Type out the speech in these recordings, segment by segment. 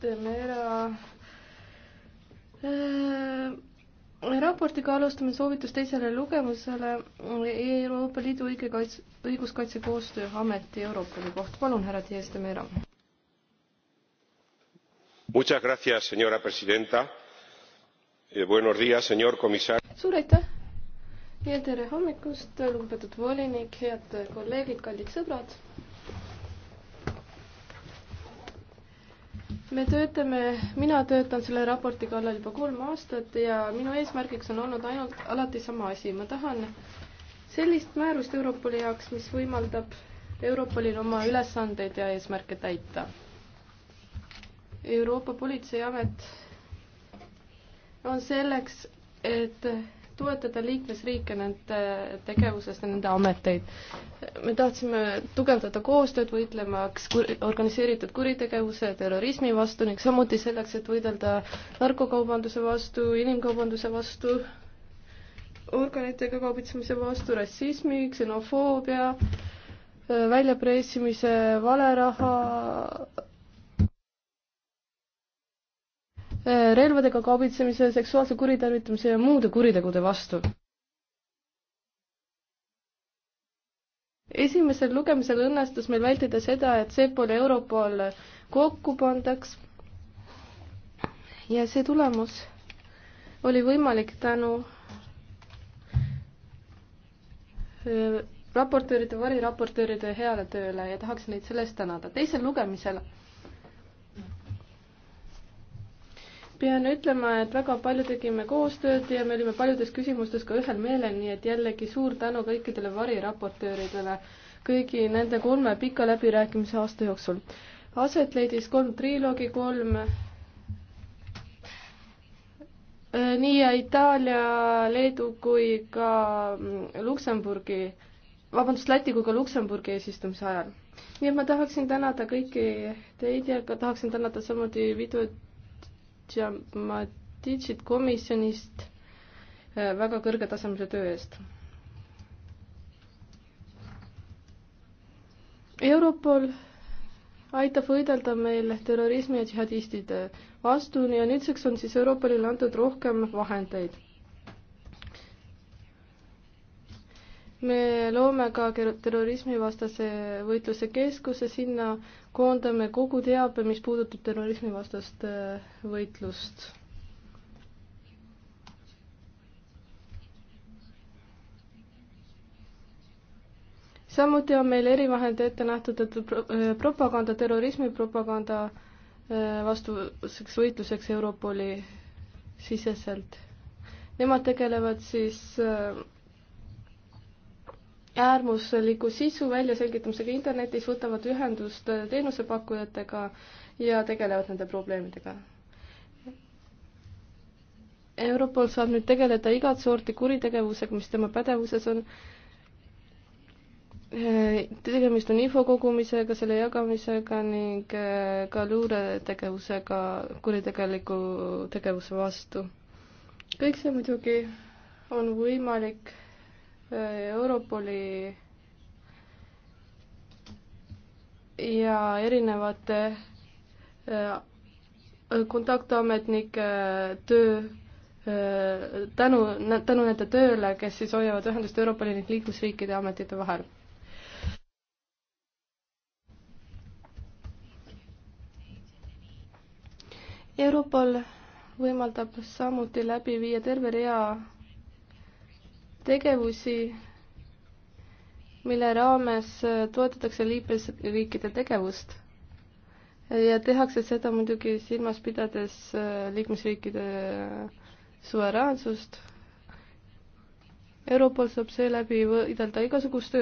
Demera äh, raportiga alustame soovitus teisele lugemusele Euroopa Liidu õigekaits-, õiguskaitsekoostöö ameti Europoli kohta. palun, härra Dias de Mera. Muchas gracias, señora presidenta. Eh, buenos días, señor comisar. suur aitäh ja tere hommikust, lugupeetud volinik, head kolleegid, kallid sõbrad me töötame, mina töötan selle raporti kallal juba kolm aastat ja minu eesmärgiks on olnud ainult alati sama asi, ma tahan sellist määrust Europoli jaoks, mis võimaldab Europolil oma ülesandeid ja eesmärke täita. Euroopa Politseiamet on selleks, et toetada liikmesriike nende tegevuses ja nende ameteid. me tahtsime tugevdada koostööd võitlemaks kur-, organiseeritud kuritegevuse ja terrorismi vastu ning samuti selleks, et võidelda narkokaubanduse vastu, inimkaubanduse vastu, organitega kaubitsemise vastu, rassismi, ksenofoobia, väljapressimise, valeraha, Äh, relvadega kaubitsemise, seksuaalse kuritarvitamise ja muude kuritegude vastu. esimesel lugemisel õnnestus meil vältida seda, et CEPOL ja Europol kokku pandaks ja see tulemus oli võimalik tänu äh, raportööride, variraportööride heale tööle ja tahaks neid selle eest tänada. teisel lugemisel pean ütlema, et väga palju tegime koostööd ja me olime paljudes küsimustes ka ühel meelel, nii et jällegi suur tänu kõikidele variraportööridele kõigi nende kolme pika läbirääkimise aasta jooksul. aset leidis kolm triloogi, kolm äh, nii Itaalia, Leedu kui ka mm, Luksemburgi, vabandust, Läti kui ka Luksemburgi eesistumise ajal. nii et ma tahaksin tänada kõiki teid ja ka tahaksin tänada samuti videot Matitšit komisjonist äh, väga kõrgetasemelise töö eest. Europol aitab võidelda meil terrorismi ja džihadistide vastu ja nüüdseks on siis Europolile antud rohkem vahendeid. me loome ka terrorismivastase võitluse keskuse, sinna koondame kogu teabe, mis puudutab terrorismivastast äh, võitlust. samuti on meil erivahend ette nähtud, et äh, propaganda, terrorismi propaganda äh, vastuseks võitluseks Europoli siseselt. Nemad tegelevad siis äh, äärmusliku sisu väljaselgitamisega internetis, võtavad ühendust teenusepakkujatega ja tegelevad nende probleemidega. Europol saab nüüd tegeleda igat sorti kuritegevusega, mis tema pädevuses on. tegemist on info kogumisega, selle jagamisega ning äh, ka luuretegevusega kuritegeliku tegevuse vastu. kõik see muidugi on võimalik Europoli ja erinevate äh, kontaktametnike äh, töö äh, tänu, tänu nende tööle, kes siis hoiavad ühendust Euroopa Liidu liikmesriikide ametite vahel. Europol võimaldab samuti läbi viia terve rea tegevusi, mille raames toetatakse liikmesriikide tegevust ja tehakse seda muidugi silmas pidades äh, liikmesriikide äh, suveräänsust. Europol saab seeläbi võidelda igasuguste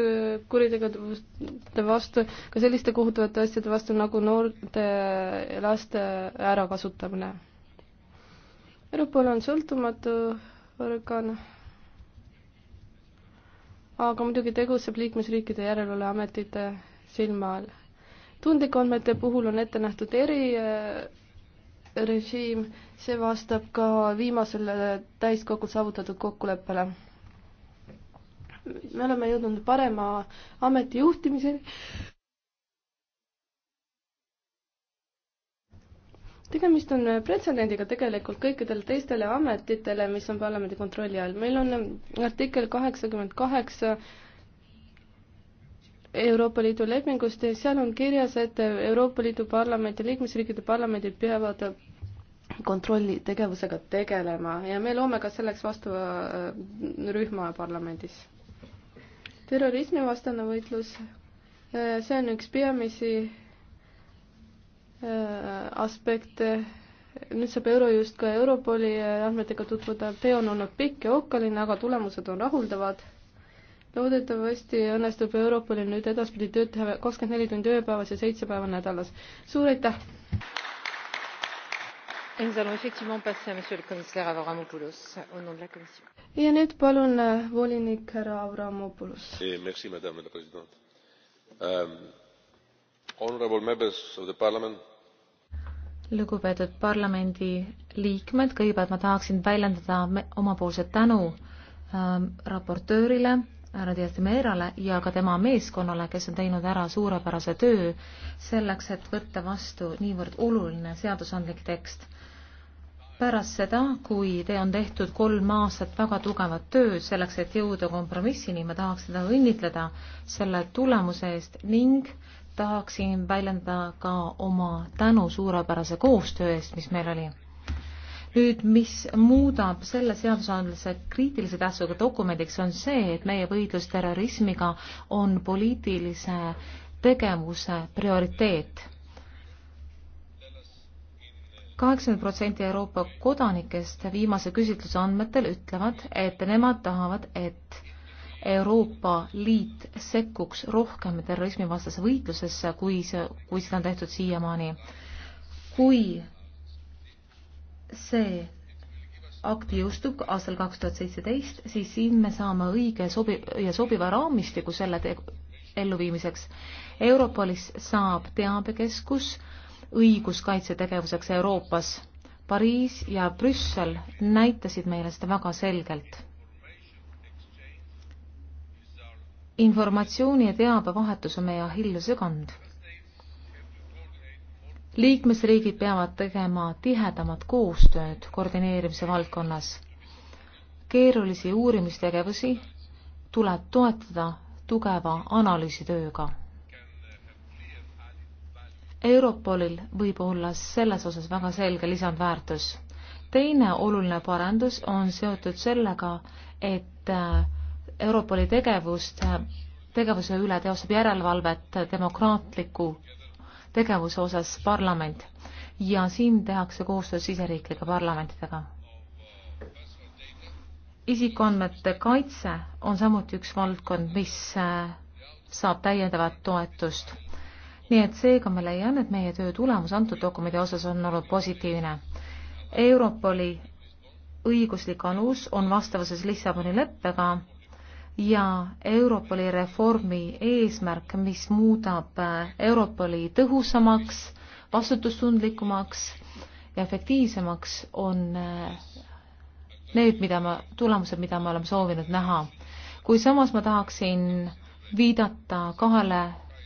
kuritegude vastu, ka selliste kohutavate asjade vastu nagu noorte ja laste ärakasutamine. Europol on sõltumatu organ aga muidugi tegutseb liikmesriikide järelevalveametite silma all. tundlikandmete puhul on ette nähtud erirežiim, see vastab ka viimasel täiskogul saavutatud kokkuleppele. me oleme jõudnud parema ameti juhtimiseni tegemist on pretsedendiga tegelikult kõikidele teistele ametitele, mis on parlamendi kontrolli all. meil on artikkel kaheksakümmend kaheksa Euroopa Liidu lepingust ja seal on kirjas, et Euroopa Liidu parlament ja liikmesriikide parlamendid peavad kontrolli tegevusega tegelema ja me loome ka selleks vastava äh, rühma parlamendis. terrorismivastane võitlus, äh, see on üks peamisi Äh, aspekte. nüüd saab Eurojust ka Europoli äh, andmetega tutvuda. tee on olnud pikk ja okkaline, aga tulemused on rahuldavad. loodetavasti õnnestub Europolil nüüd edaspidi tööd teha kakskümmend neli tundi ööpäevas ja seitse päeva nädalas. suur aitäh! ja nüüd palun äh, volinik härra Avramopoulos. Eh, merci, madame la présidente. Euh, lugupeetud parlamendi liikmed, kõigepealt ma tahaksin väljendada omapoolset tänu ähm, raportöörile, härra Diastimeerale ja ka tema meeskonnale, kes on teinud ära suurepärase töö selleks, et võtta vastu niivõrd oluline seadusandlik tekst. pärast seda, kui te on tehtud kolm aastat väga tugevat tööd selleks, et jõuda kompromissini, ma tahaks teda õnnitleda selle tulemuse eest ning äh, tahaksin väljendada ka oma tänu suurepärase koostöö eest, mis meil oli. nüüd, mis muudab selle seadusandluse kriitilise tähtsusega dokumendiks, on see, et meie võitlus terrorismiga on poliitilise tegevuse prioriteet. kaheksakümmend protsenti Euroopa kodanikest viimase küsitluse andmetel ütlevad, et nemad tahavad, et Euroopa Liit sekkuks rohkem terrorismivastasesse võitlusesse, kui see, kui seda on tehtud siiamaani. kui see akt jõustub aastal kaks tuhat seitseteist, siis siin me saame õige sobi- ja sobiva raamistiku selle te-, elluviimiseks. Europolis saab teabekeskus õiguskaitsetegevuseks Euroopas. Pariis ja Brüssel näitasid meile seda väga selgelt informatsiooni ja teabevahetus on meie Achilleuse kand. liikmesriigid peavad tegema tihedamat koostööd koordineerimise valdkonnas. keerulisi uurimistegevusi tuleb toetada tugeva analüüsitööga. Europolil võib olla selles osas väga selge lisandväärtus. teine oluline parandus on seotud sellega, et äh, Europoli tegevust, tegevuse üle teostab järelevalvet demokraatliku tegevuse osas parlament ja siin tehakse koostööd siseriiklike parlamentidega. isikuandmete kaitse on samuti üks valdkond, mis äh, saab täiendavat toetust. nii et seega ma leian, et meie töö tulemus antud dokumendi osas on olnud positiivne. Europoli õiguslik alus on vastavuses Lissaboni leppega ja Europoli reformi eesmärk, mis muudab äh, Europoli tõhusamaks, vastutustundlikumaks ja efektiivsemaks, on äh, need, mida me, tulemused, mida me oleme soovinud näha. kui samas ma tahaksin viidata kahele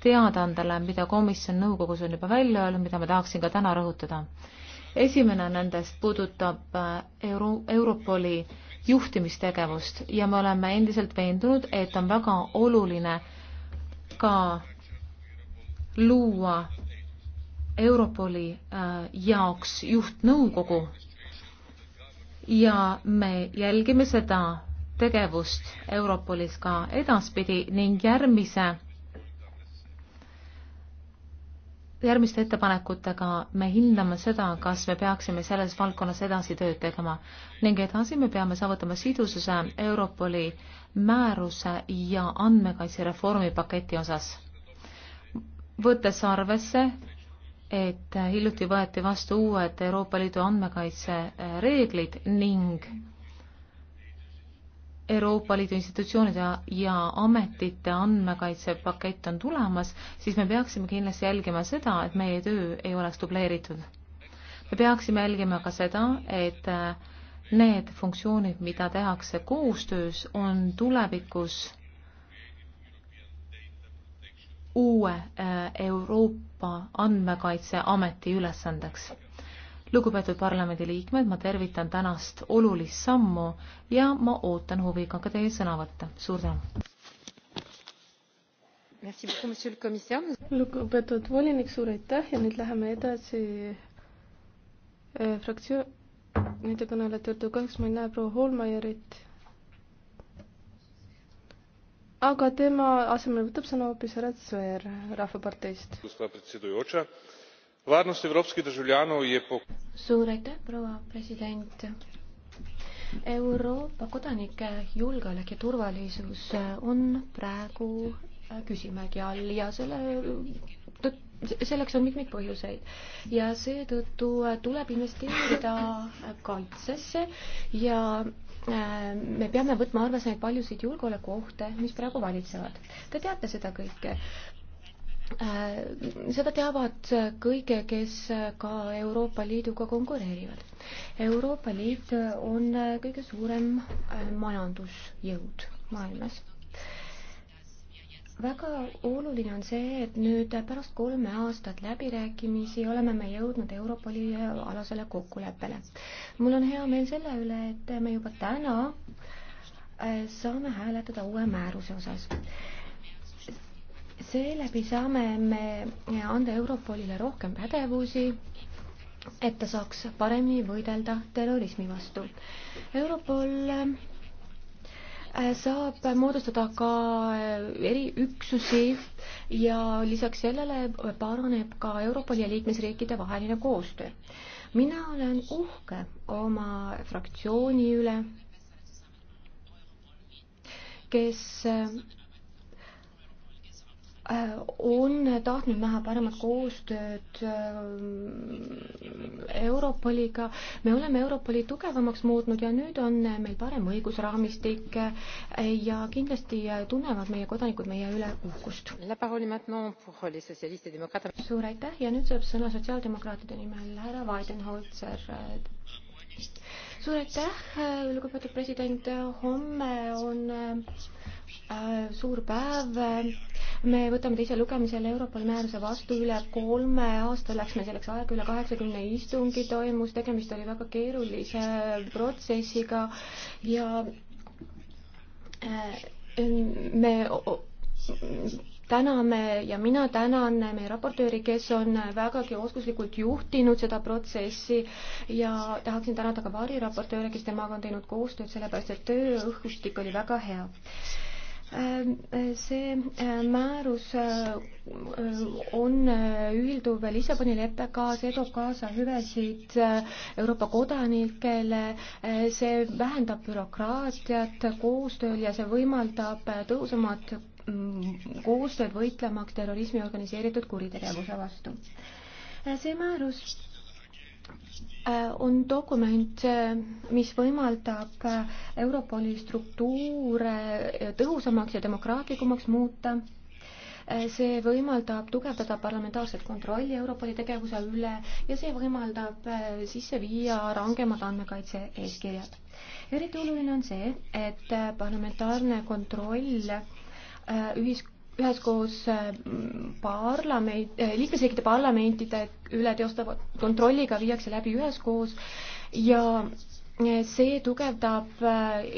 teadaandele, mida komisjon nõukogus on juba välja öelnud, mida ma tahaksin ka täna rõhutada. esimene nendest puudutab äh, Euro-, Europoli äh, juhtimistegevust ja me oleme endiselt veendunud, et on väga oluline ka luua Europoli äh, jaoks juhtnõukogu ja me jälgime seda tegevust Europolis ka edaspidi ning järgmise järgmiste ettepanekutega me hindame seda, kas me peaksime selles valdkonnas edasi tööd tegema ning edasi me peame saavutama sidususe Europoli määruse ja andmekaitsereformi paketi osas. võttes arvesse, et hiljuti võeti vastu uued Euroopa Liidu andmekaitsereeglid ning Euroopa Liidu institutsioonide ja ametite andmekaitsepakett on tulemas, siis me peaksime kindlasti jälgima seda, et meie töö ei oleks dubleeritud. me peaksime jälgima ka seda, et äh, need funktsioonid, mida tehakse koostöös, on tulevikus uue äh, Euroopa Andmekaitseameti ülesandeks lugupeetud parlamendiliikmed, ma tervitan tänast olulist sammu ja ma ootan huviga ka teie sõnavõtte. suur tänu! lugupeetud volinik, suur aitäh ja nüüd läheme edasi eh, fraktsioon, nende kõnelejate juurde, kahjuks ma ei näe proua Holmeierit. aga tema asemel võtab sõna hoopis härra Sõer Rahvaparteist varnost evropskih državljanov je. suur aitäh proua president! Euroopa kodanike julgeolek ja turvalisus on praegu äh, küsimärgi all ja selle selleks on mitmeid põhjuseid ja seetõttu äh, tuleb investeerida äh, kaitsesse ja me peame võtma arvesse neid paljusid julgeolekuohte, mis praegu valitsevad. Te teate seda kõike. Äh, seda teavad kõik, kes ka Euroopa Liiduga konkureerivad. Euroopa Liit on kõige suurem äh, majandusjõud maailmas. väga oluline on see, et nüüd pärast kolme aastat läbirääkimisi oleme me jõudnud Euroopa Liidu alasele kokkuleppele. mul on hea meel selle üle, et me juba täna äh, saame hääletada uue määruse osas seeläbi saame me anda Europolile rohkem pädevusi, et ta saaks paremini võidelda terrorismi vastu. Europol äh, saab moodustada ka äh, eriüksusi ja lisaks sellele paraneb ka Europoli ja liikmesriikide vaheline koostöö. mina olen uhke oma fraktsiooni üle, kes äh, on tahtnud näha paremat koostööd äh, Europoliga. me oleme Europoli tugevamaks muutnud ja nüüd on meil parem õigusraamistik äh, ja kindlasti äh, tunnevad meie kodanikud meie üle uhkust. suur aitäh ja nüüd saab sõna sotsiaaldemokraatide nimel härra Weidenholzer suur aitäh, lugupeetud president, homme on suur päev me võtame teise lugemisel Europoli määruse vastu üle kolme aasta, läks meil selleks aega, üle kaheksakümne istungi toimus, tegemist oli väga keerulise äh, protsessiga ja äh, me täname ja mina tänan meie raportööri, kes on vägagi oskuslikult juhtinud seda protsessi ja tahaksin tänada ka variraportööre, kes temaga on teinud koostööd, sellepärast et tööõhkustik oli väga hea Ähm, äh, see äh, määrus äh, on ühilduv Lissaboni leppega, see toob kaasa hüvesid Euroopa kodanikele, see vähendab bürokraatiat koostööl ja see võimaldab tõhusamat mm, koostööd võitlemaks terrorismi organiseeritud kuritegevuse vastu. see määrus on dokument, mis võimaldab Europoli struktuure tõhusamaks ja demokraatlikumaks muuta. see võimaldab tugevdada parlamentaarset kontrolli Europoli tegevuse üle ja see võimaldab sisse viia rangemad andmekaitse eeskirjad. eriti oluline on see, et parlamentaarne kontroll ühis-, üheskoos äh, parlament, äh, liikmesriikide parlamentide üle teostava kontrolliga viiakse läbi üheskoos ja äh, see tugevdab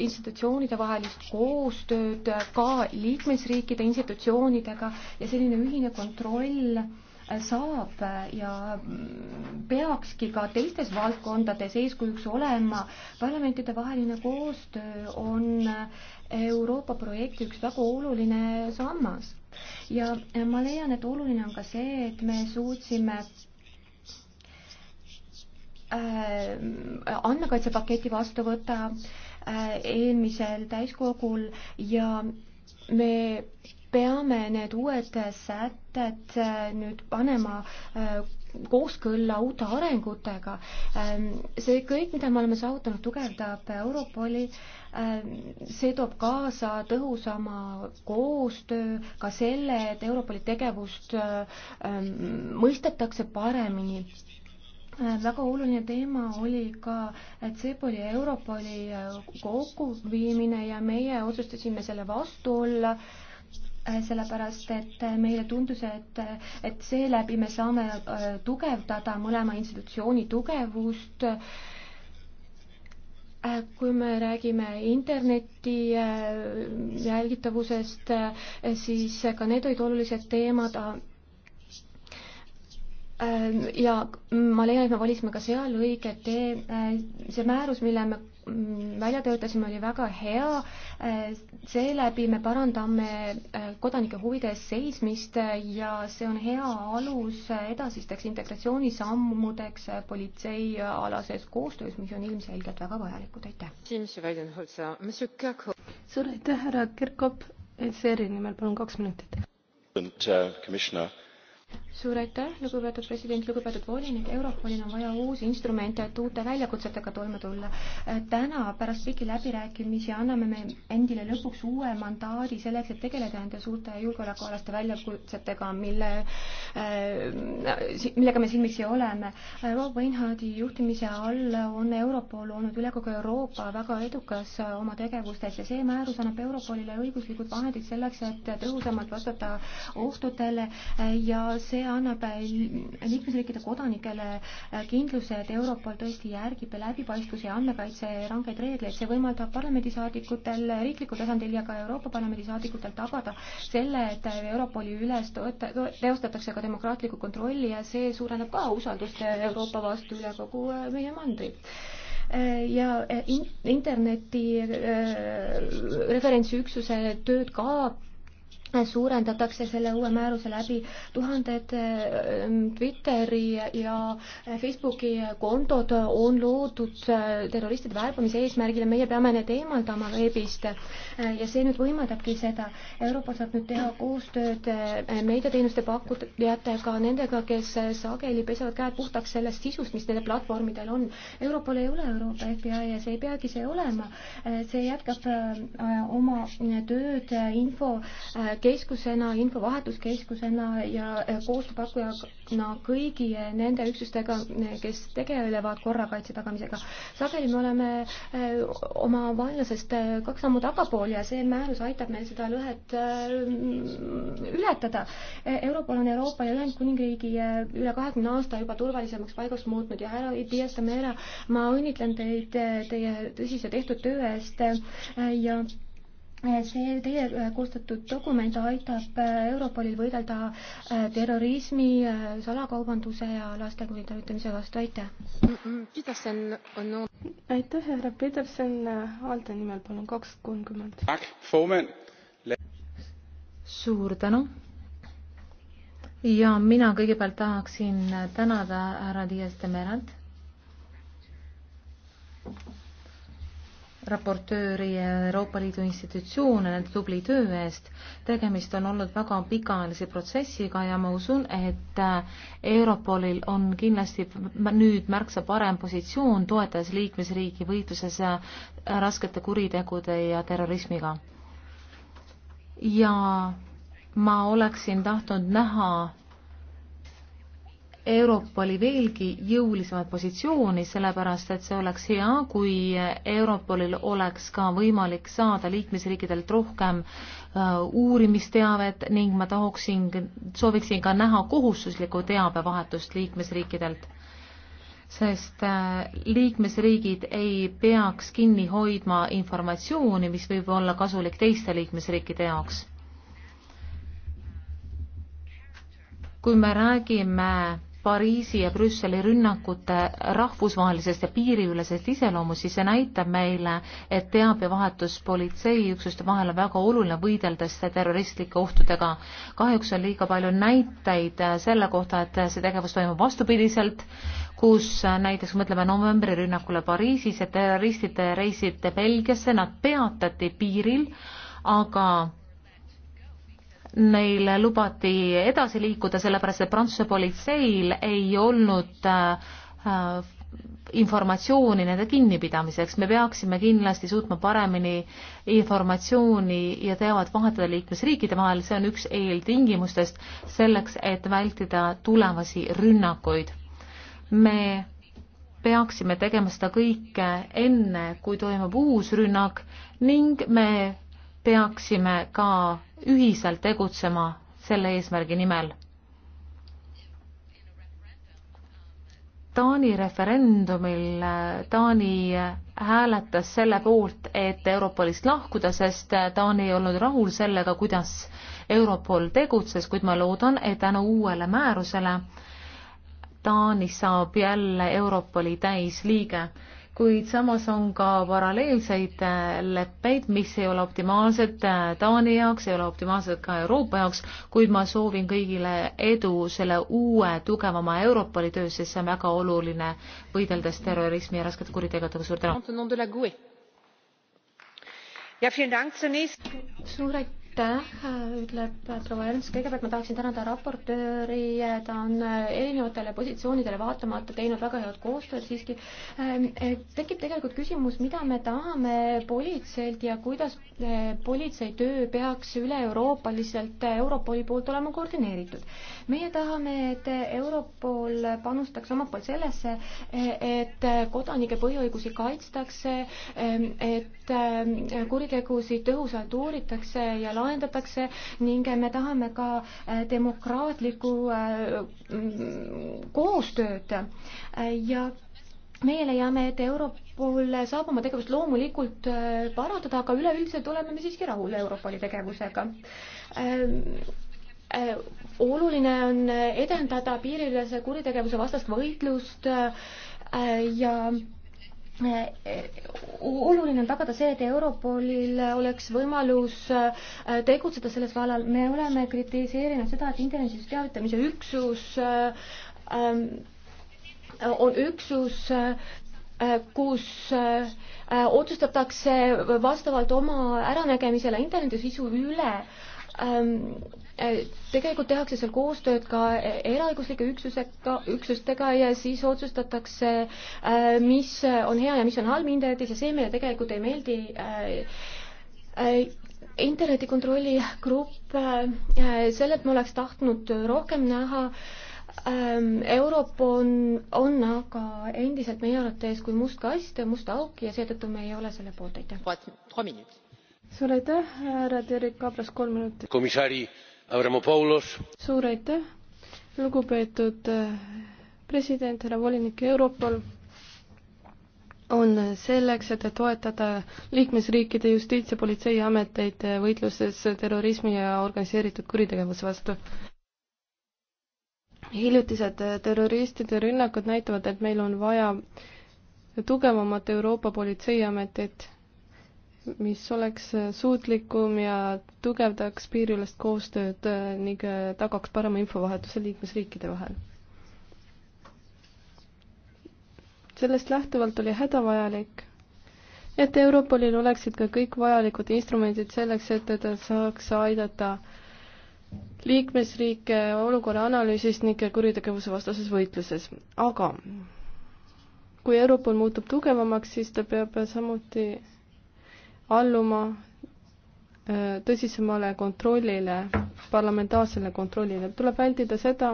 institutsioonide vahelist koostööd ka liikmesriikide institutsioonidega ja selline ühine kontroll äh, saab ja peakski ka teistes valdkondades eeskujuks olema. parlamentidevaheline koostöö on Euroopa projekti üks väga oluline sammas ja ma leian, et oluline on ka see, et me suutsime äh, andmekaitsepaketi vastu võtta äh, eelmisel täiskogul ja me peame need uued sätted äh, nüüd panema äh, kooskõlla uute arengutega. Ähm, see kõik, mida me oleme saavutanud, tugevdab Europoli, ähm, see toob kaasa tõhusama koostöö, ka selle, et Europoli tegevust äh, ähm, mõistetakse paremini väga oluline teema oli ka CEPOL-i ja Europoli kokkuviimine ja meie otsustasime selle vastu olla äh, Äh, sellepärast et äh, meile tundus, et, äh, et seeläbi me saame tugevdada mõlema institutsiooni tugevust. kui me räägime interneti jälgitavusest, siis ka need olid olulised teemad. ja ma leian, et me valisime ka seal õige tee. see määrus, mille me Mm, välja töötasime, oli väga hea. Äh, seeläbi me parandame äh, kodanike huvides seismist äh, ja see on hea alus edasisteks integratsioonisammudeks politseialases koostöös, mis on ilmselgelt väga vajalikud, aitäh. suur aitäh, härra Kirkop, ECR-i nimel palun kaks minutit suur aitäh, lugupeetud president, lugupeetud volinik, Europolil on vaja uusi instrumente, et uute väljakutsetega toime tulla. Äh, täna pärast pikki läbirääkimisi anname me endile lõpuks uue mandaadi selleks, et tegeleda nende suurte julgeolekualaste väljakutsetega, mille äh,, millega me silmitsi oleme. Rob Weinhardi juhtimise all on Europol olnud üle kogu Euroopa väga edukas äh, oma tegevustes ja see määrus annab Europolile õiguslikud vahendid selleks, et tõhusamalt vastata ohtudele äh, ja see see annab äh, liikmesriikide kodanikele äh, kindluse, et Europol tõesti järgib läbipaistvuse ja andmekaitse rangeid reegleid, see võimaldab parlamendisaadikutel riiklikul tasandil ja ka Euroopa Parlamendi saadikutel tagada selle, et Europoli üles teostatakse ka demokraatlikku kontrolli ja see suurendab ka usaldust Euroopa vastu üle kogu äh, meie mandri ja in interneti äh, referentsiüksuse tööd ka suurendatakse selle uue määruse läbi tuhanded äh, ähm, Twitteri ja Facebooki kontod on loodud äh, terroristide värbamise eesmärgil ja meie peame need eemaldama veebist. Äh, ja see nüüd võimaldabki seda. Euroopa saab nüüd teha koostööd meediateenuste pakkujatega, nendega, kes sageli pesevad käed puhtaks sellest sisust, mis nendel platvormidel on. Europol ei ole Euroopa FBI ja see ei peagi see olema. see jätkab oma tööd info keskusena, infovahetuskeskusena ja äh, koostööpakkujana kõigi nende üksustega, kes tegelevad korrakaitse tagamisega. sageli me oleme äh, oma vaenlasest äh, kaks sammu tagapool ja see määrus aitab meil seda lõhet ületada. Europol on Euroopa ja Ühendkuningriigi üle kahekümne aasta juba turvalisemaks paigaks muutnud ja härra Dias de Mera, ma õnnitlen teid teie tõsise tehtud töö eest ja Eh, see teie eh, koostatud dokument aitab eh, Europolil võidelda terrorismi, salakaubanduse ja laste kuritarvitamise vastu, aitäh! aitäh, härra Peterson, Alde nimel palun, kaks kolmkümmend. suur tänu! ja mina kõigepealt tahaksin tänada härra Dias de Merat raportööri ja Euroopa Liidu institutsioone nende tubli töö eest. tegemist on olnud väga pikaajalise protsessiga ja ma usun, et äh, Europolil on kindlasti nüüd märksa parem positsioon, toetades liikmesriigi võitluses äh, raskete kuritegude ja terrorismiga. ja ma oleksin tahtnud näha Euroopa oli veelgi jõulisemat positsiooni, sellepärast et see oleks hea, kui Europolil oleks ka võimalik saada liikmesriikidelt rohkem äh, uurimisteavet ning ma tahaksin, sooviksin ka näha kohustuslikku teabevahetust liikmesriikidelt sest äh, liikmesriigid ei peaks kinni hoidma informatsiooni, mis võib olla kasulik teiste liikmesriikide jaoks. kui me räägime Pariisi ja Brüsseli rünnakute rahvusvahelisest ja piiriülesest iseloomust, siis see näitab meile, et teabevahetus politseiüksuste vahel on väga oluline võideldes terroristlike ohtudega. kahjuks on liiga palju näiteid selle kohta, et see tegevus toimub vastupidiselt, kus näiteks mõtleme novembri rünnakule Pariisis, et terroristid reisid Belgiasse, nad peatati piiril, aga neile lubati edasi liikuda, sellepärast et Prantsuse politseil ei olnud äh, äh, informatsiooni nende kinnipidamiseks, me peaksime kindlasti suutma paremini informatsiooni ja teavet vahetada liikmesriikide vahel, see on üks eeltingimustest selleks, et vältida tulevasi rünnakuid. me peaksime tegema seda kõike enne, kui toimub uus rünnak ning me peaksime ka ühiselt tegutsema selle eesmärgi nimel. Taani referendumil äh, Taani hääletas selle poolt, et Europolist lahkuda, sest äh, Taani ei olnud rahul sellega, kuidas Europol tegutses, kuid ma loodan, et tänu uuele määrusele Taani saab jälle Europoli täisliige kuid samas on ka paralleelseid äh, leppeid, mis ei ole optimaalsed äh, Taani jaoks, ei ole optimaalsed ka Euroopa jaoks, kuid ma soovin kõigile edu selle uue tugevama Europoli töös, sest see on väga oluline, võideldes terrorismi ja raskete kuritegudega, suur tänu! suur aitäh! aitäh, ütleb proua Ernst, kõigepealt ma tahaksin tänada raportööri, ta on erinevatele positsioonidele vaatamata teinud väga head koostööd siiski. Ehm, eh, tekib tegelikult küsimus, mida me tahame politseilt ja kuidas eh, politsei töö peaks üle-euroopaliselt eh, Europoli poolt olema koordineeritud. meie tahame, et Europol panustaks omalt poolt sellesse, et kodanike põhiõigusi kaitstakse, ehm, et ehm, kuritegusid tõhusalt uuritakse ja lahendatakse ning me tahame ka äh, demokraatlikku äh, mm, koostööd äh, ja meie leiame, et Europol saab oma tegevust loomulikult parandada, aga üleüldiselt oleme me siiski rahul Europoli tegevusega oluline on edendada piiriülese kuritegevuse vastast võitlust ja Eh, oluline on tagada see, et Europolil oleks võimalus eh, tegutseda selles vallal. me oleme kritiseerinud seda, et internetis teavitamise üksus eh, on üksus, kus otsustatakse vastavalt oma äranägemisele internetisisu üle Ähm, äh, tegelikult tehakse seal koostööd ka e-, eraõiguslike üksusega, üksustega ja siis otsustatakse, äh, mis on hea ja mis on halb internetis ja see meile tegelikult ei meeldi. Äh, internetikontrolli grupp, sellelt ma oleks tahtnud rohkem näha. Ähm, Europol on aga endiselt meie arvates kui must kast, must auk ja seetõttu me ei ole selle poolt, aitäh suur aitäh, härra Terik Abras, kolm minutit. komissari Avramopoulos. suur aitäh, lugupeetud äh, president, härra volinik Europol on selleks, et toetada liikmesriikide justiits- ja politseiameteid äh, võitluses terrorismi ja organiseeritud kuritegevuse vastu. hiljutised äh, terroristide rünnakud näitavad, et meil on vaja tugevamat Euroopa politseiametit mis oleks suutlikum ja tugevdaks piiriülest koostööd ning tagaks parema infovahetuse liikmesriikide vahel. sellest lähtuvalt oli hädavajalik, et Europolil oleksid ka kõik vajalikud instrumendid selleks, et teda saaks aidata liikmesriike olukorra analüüsis ning kuritegevuse vastases võitluses, aga kui Europol muutub tugevamaks, siis ta peab samuti alluma äh, tõsisemale kontrollile, parlamentaarsele kontrollile, tuleb vältida seda,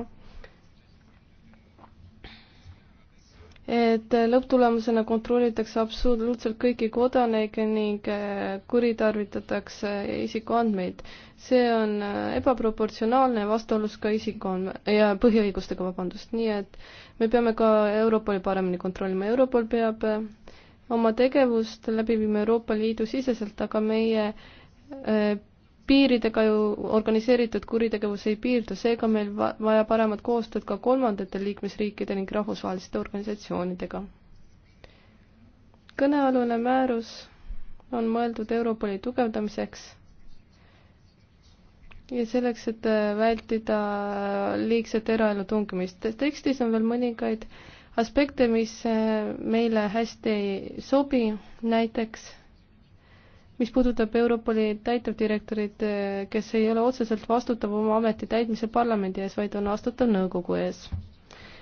et lõpptulemusena kontrollitakse absoluutselt kõiki kodanikke ning äh, kuritarvitatakse isikuandmeid. see on äh, ebaproportsionaalne vastuolus ka isikuandme- ja põhiõigustega, vabandust, nii et me peame ka Europoli paremini kontrollima, Europol peab oma tegevust läbi viima Euroopa Liidu siseselt, aga meie eh, piiridega ju organiseeritud kuritegevus ei piirdu, seega meil vaja paremat koostööd ka kolmandate liikmesriikide ning rahvusvaheliste organisatsioonidega. kõnealune määrus on mõeldud Europoli tugevdamiseks ja selleks, et vältida liigset eraelu tungimist. tekstis on veel mõningaid äh, aspekte, mis äh, meile hästi ei sobi, näiteks mis puudutab Europoli täitevdirektorit, äh, kes ei ole otseselt vastutav oma ameti täitmise parlamendi ees, vaid on vastutav nõukogu ees.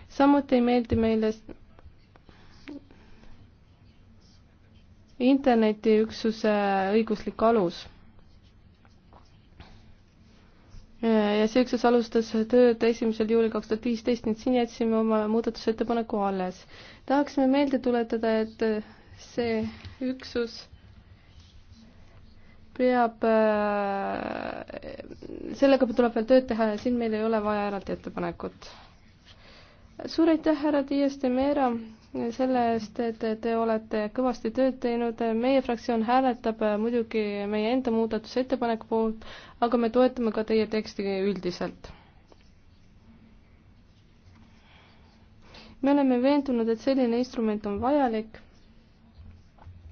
samuti ei meeldi meile internetiüksuse õiguslik alus ja see üksus alustas tööd esimesel juulil kaks tuhat viisteist, nii et siin jätsime oma muudatusettepaneku alles. tahaksime meelde tuletada, et see üksus peab, äh, sellega tuleb veel tööd teha ja siin meil ei ole vaja eraldi ettepanekut. suur aitäh, härra Dias de Mera selle eest, et te olete kõvasti tööd teinud. meie fraktsioon hääletab muidugi meie enda muudatusettepaneku poolt, aga me toetame ka teie teksti üldiselt. me oleme veendunud, et selline instrument on vajalik.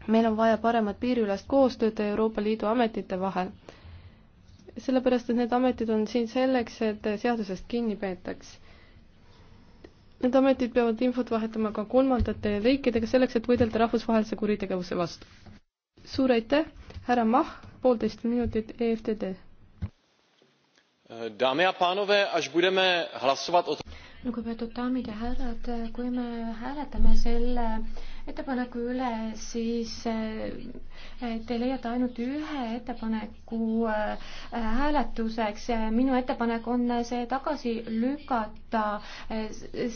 meil on vaja paremat piiriülest koostööd Euroopa Liidu ametite vahel. sellepärast, et need ametid on siin selleks, et seadusest kinni peetaks Need ametid peavad infot vahetama ka kolmandate riikidega selleks, et võidelda rahvusvahelise kuritegevuse vastu. suur aitäh, härra Mah, poolteist minutit EFTD. Dámy a pánové, až budeme hlasovat o lugupeetud daamid ja härrad, kui me hääletame selle ettepaneku üle, siis äh, te leiate ainult ühe ettepaneku äh, hääletuseks. minu ettepanek on see tagasi lükata.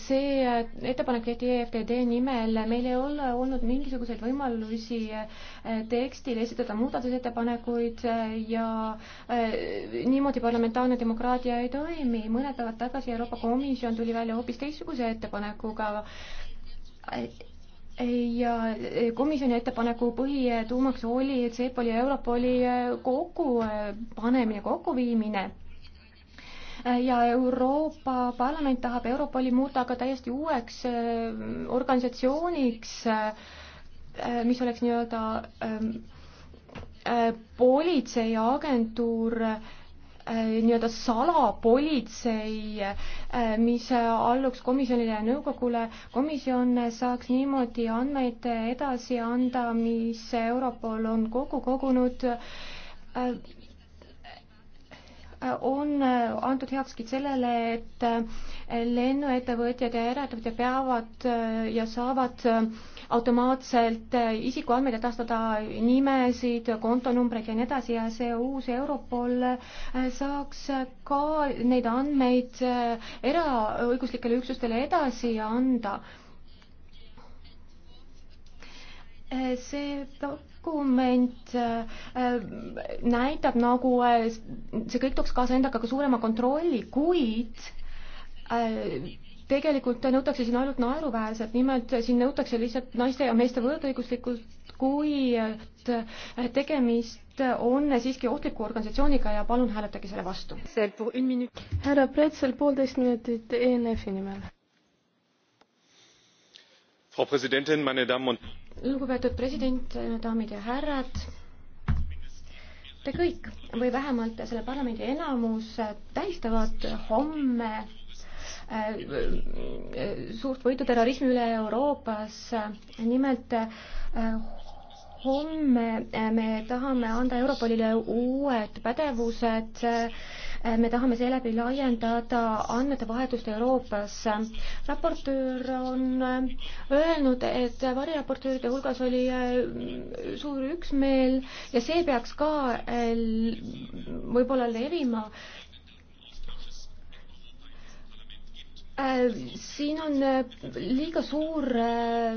see äh, ettepanek tehti EFTD nimel, meil ei ole olnud mingisuguseid võimalusi tekstile esitada muudatusettepanekuid ja niimoodi parlamentaarne demokraatia ei toimi. mõned päevad tagasi Euroopa Komisjon tuli välja hoopis teistsuguse ettepanekuga ja eh, komisjoni ettepaneku põhituumaks oli CEPOL ja Europoli eh, kokkupanemine, eh, kokkuviimine ja Euroopa Parlament tahab Europoli muuta ka täiesti uueks organisatsiooniks, mis oleks nii-öelda politseiagentuur äh, Äh, nii-öelda salapolitsei, äh, mis alluks komisjonile ja nõukogule. komisjon saaks niimoodi andmeid edasi anda, mis Europol on kokku kogunud äh, on antud heakskiit sellele, et lennuettevõtjad ja eraettevõtjad peavad ja saavad automaatselt äh, isikuandmeid edastada, nimesid, kontonumbreid ja nii edasi ja see uus Europol äh, saaks äh, ka neid andmeid eraõiguslikele üksustele edasi anda. see dokument näitab nagu, see kõik tooks kaasa endaga ka suurema kontrolli, kuid tegelikult nõutakse siin ainult naeruväärselt, nimelt siin nõutakse lihtsalt naiste ja meeste võrdõiguslikkust, kuid tegemist on siiski ohtliku organisatsiooniga ja palun hääletage selle vastu. härra Pretzel, poolteist minutit ENF-i nimel. lugupeetud president, daamid ja härrad Te kõik või vähemalt selle parlamendi enamus tähistavad homme Äh, suurt võitu terrorismi üle Euroopas. nimelt äh, homme äh, me tahame anda Europolile uued pädevused me tahame seeläbi laiendada andmete vahetust Euroopas. raportöör on öelnud, et variraportööride hulgas oli suur üksmeel ja see peaks ka võib-olla levima Äh, siin on äh, liiga suur äh,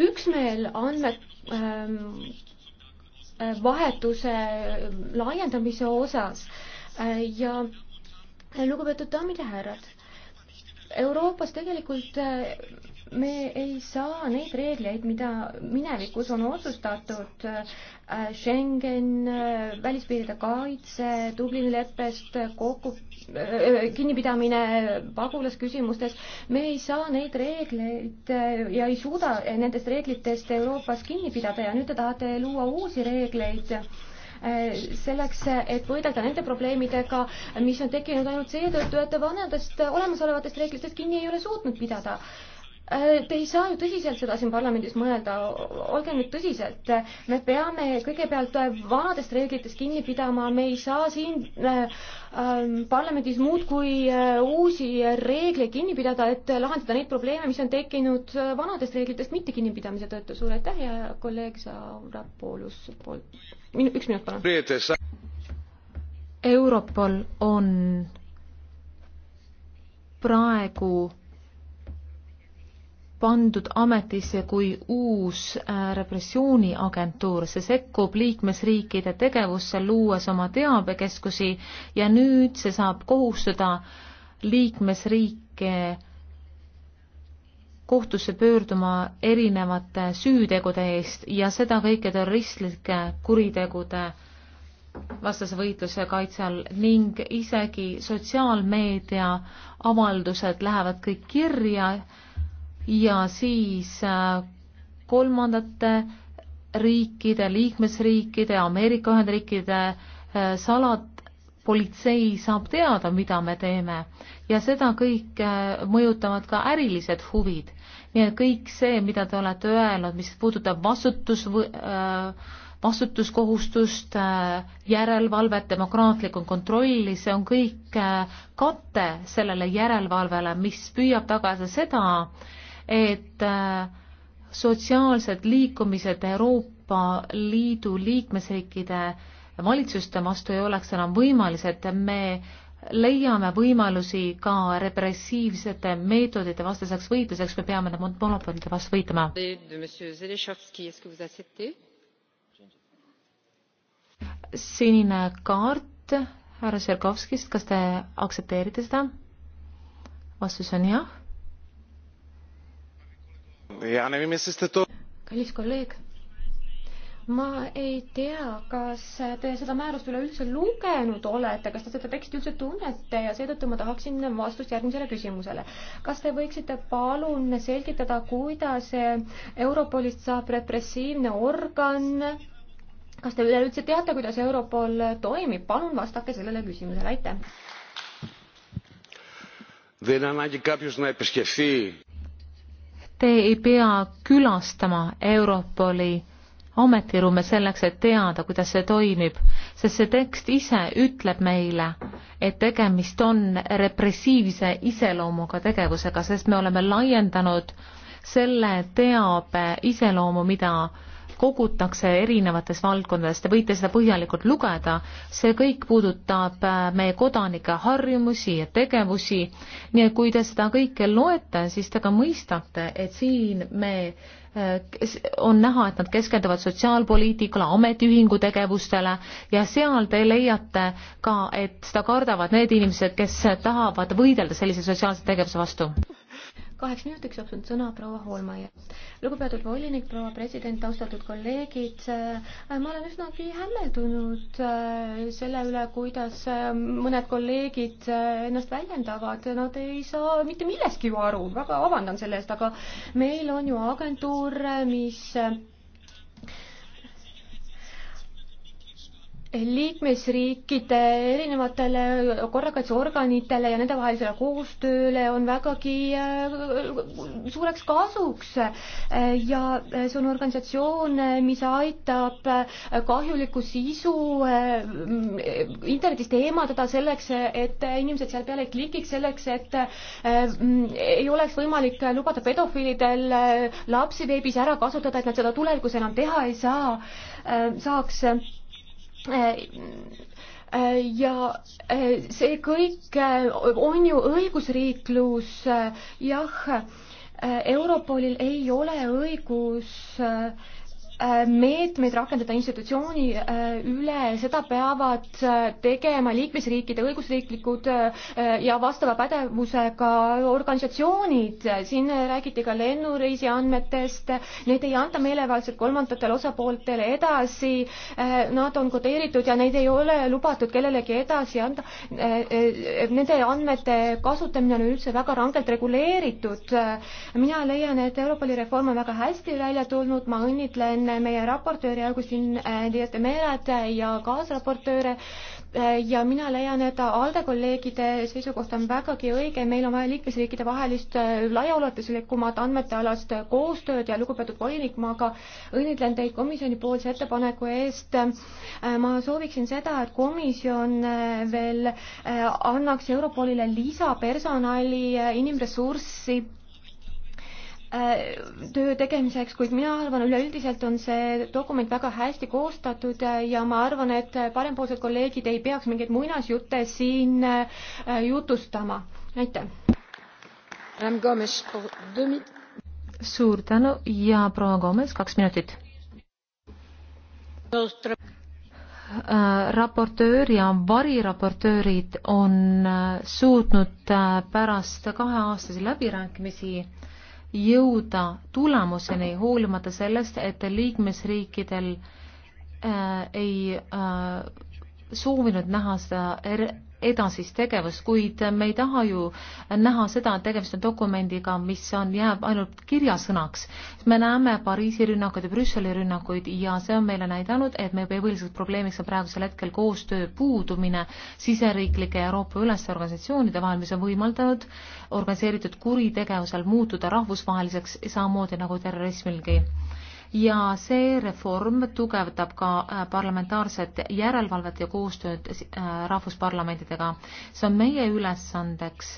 üksmeel andmevahetuse ähm, laiendamise osas ja lugupeetud daamid ja härrad, Euroopas tegelikult me ei saa neid reegleid, mida minevikus on otsustatud, äh, Schengen, äh, välispiiride kaitse, Dublini leppest kokku, äh, kinnipidamine pagulasküsimustes, me ei saa neid reegleid ja ei suuda nendest reeglitest Euroopas kinni pidada ja nüüd te tahate luua uusi reegleid selleks, et võidelda nende probleemidega, mis on tekkinud ainult seetõttu, et vanadest olemasolevatest reeglitest kinni ei ole suutnud pidada Äh, te ei saa ju tõsiselt seda siin parlamendis mõelda, olge nüüd tõsiselt, me peame kõigepealt vanadest reeglitest kinni pidama, me ei saa siin äh, ähm, parlamendis muudkui äh, uusi reegleid kinni pidada, et lahendada neid probleeme, mis on tekkinud äh, vanadest reeglitest mitte kinnipidamise tõttu. suur aitäh ja kolleeg Saurapoolus poolt, minu, üks minut palun. Europol on praegu pandud ametisse kui uus äh, repressiooniagentuur, see sekkub liikmesriikide tegevusse, luues oma teabekeskusi ja nüüd see saab kohustada liikmesriike kohtusse pöörduma erinevate süütegude eest ja seda kõike terroristlike kuritegude vastase võitluse kaitse all ning isegi sotsiaalmeedia avaldused lähevad kõik kirja äh, ja siis äh, kolmandate riikide, liikmesriikide, Ameerika Ühendriikide äh, salad, politsei saab teada, mida me teeme ja seda kõike äh, mõjutavad ka ärilised huvid. nii et kõik see, mida te olete öelnud, mis puudutab vastutus, vastutuskohustust, järelevalvet, demokraatlikku kontrolli, see on kõik kate sellele järelevalvele, mis püüab tagada seda, et äh, sotsiaalsed liikumised Euroopa Liidu liikmesriikide valitsuste vastu ei oleks enam võimalised, me leiame võimalusi ka repressiivsete meetodite vastaseks võitluseks, me peame nende monopolide vastu võitlema. sinine kaart härra Žerkovskist, kas te aktsepteerite seda? vastus on jah kallis kolleeg, ma ei tea, kas te seda määrust üleüldse lugenud olete, kas te seda teksti üldse tunnete ja seetõttu ma tahaksin vastust järgmisele küsimusele. kas te võiksite palun selgitada, kuidas Europolist saab repressiivne organ? kas te üleüldse teate, kuidas Europol toimib? palun vastake sellele küsimusele, aitäh. Te ei pea külastama Europoli ametiruume selleks, et teada, kuidas see toimib, sest see tekst ise ütleb meile, et tegemist on repressiivse iseloomuga tegevusega, sest me oleme laiendanud selle teabe iseloomu, mida kogutakse erinevates valdkondades, te võite seda põhjalikult lugeda, see kõik puudutab äh, meie kodanike harjumusi ja tegevusi, nii et kui te seda kõike loete, siis te ka mõistate, et siin me äh, on näha, et nad keskenduvad sotsiaalpoliitikale, ametiühingu tegevustele ja seal te leiate ka, et seda kardavad need inimesed, kes tahavad võidelda sellise sotsiaalse tegevuse vastu kaheks minutiks saab nüüd sõna proua Holmaja. lugupeetud volinik, proua president, austatud kolleegid, äh, ma olen üsnagi hämmeldunud äh, selle üle, kuidas äh, mõned kolleegid ennast väljendavad, nad ei saa mitte millestki ju aru, väga vabandan selle eest, aga meil on ju agentuur, mis liikmesriikide erinevatele korrakaitseorganitele ja nendevahelisele koostööle on vägagi äh, suureks kasuks ja see on organisatsioon, mis aitab kahjulikku sisu äh, internetist eemaldada selleks, et inimesed seal peale ei klikiks, selleks, et äh, ei oleks võimalik lubada pedofiilidel lapsi veebis ära kasutada, et nad seda tulevikus enam teha ei saa, saaks Äh, äh, ja äh, see kõik on ju õigusriiklus, jah, Europolil ei ole õigus äh, Äh, meetmeid rakendada institutsiooni äh, üle, seda peavad äh, tegema liikmesriikide õigusriiklikud ja vastava pädevusega organisatsioonid. siin räägiti ka lennureisi andmetest, neid ei anta meelevaldselt kolmandatele osapooltele edasi, nad on kodeeritud ja neid ei ole lubatud kellelegi edasi anda. Nende andmete kasutamine on üldse väga rangelt reguleeritud. mina leian, et Europoli reform on väga hästi välja tulnud, ma õnnitlen tahaksin äh, meie raportööri Augustin äh, Dias de Merat äh, ja kaasraportööre ja mina leian, et ALDE kolleegide seisukoht on vägagi õige, meil on vaja liikmesriikide vahelist laiaulatuslikumat andmetealast koostööd ja lugupeetud volinik, ma ka õnnitlen teid komisjonipoolse ettepaneku eest. ma sooviksin seda, et komisjon veel annaks Europolile lisapersonali, inimressurssi Äh, töö tegemiseks, kuid mina arvan, üleüldiselt on see dokument väga hästi koostatud äh, ja ma arvan, et parempoolsed kolleegid ei peaks mingeid muinasjutte siin äh, jutustama. aitäh. suur tänu ja proua Gomes, kaks minutit. raportöör ja variraportöörid on suutnud pärast kaheaastasi läbirääkimisi jõuda tulemuseni, hoolimata sellest, et liikmesriikidel äh, ei äh, soovinud näha seda er edasist tegevust, kuid me ei taha ju näha seda, et tegemist on dokumendiga, mis on, jääb ainult kirjasõnaks. me näeme Pariisi rünnakuid ja Brüsseli rünnakuid ja see on meile näidanud, et meie põhiliseks probleemiks on praegusel hetkel koostöö puudumine siseriiklike Euroopa üleste organisatsioonide vahel, mis on võimaldanud organiseeritud kuritegevusel muutuda rahvusvaheliseks, samamoodi nagu terrorismilgi ja see reform tugevdab ka äh, parlamentaarset järelevalvet ja koostööd äh, rahvusparlamentidega. see on meie ülesandeks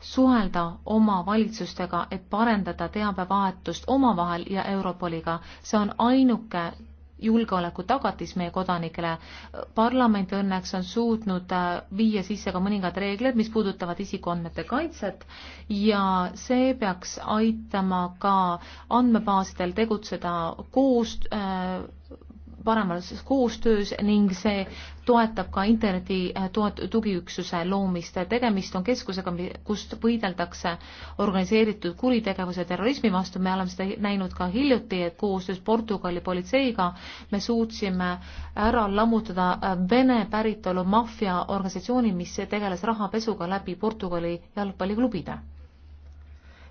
suhelda oma valitsustega, et parendada teabevahetust omavahel ja Europoliga. see on ainuke julgeolekutagatis meie kodanikele. parlament õnneks on suutnud äh, viia sisse ka mõningad reeglid, mis puudutavad isikuandmete kaitset ja see peaks aitama ka andmebaasidel tegutseda koos äh, paremas koostöös ning see toetab ka interneti äh, toet-, tugiüksuse loomist. tegemist on keskusega, kust võideldakse organiseeritud kuritegevuse terrorismi vastu, me oleme seda näinud ka hiljuti, et koostöös Portugali politseiga me suutsime ära lammutada äh, Vene päritolu maffia organisatsiooni, mis tegeles rahapesuga läbi Portugali jalgpalliklubide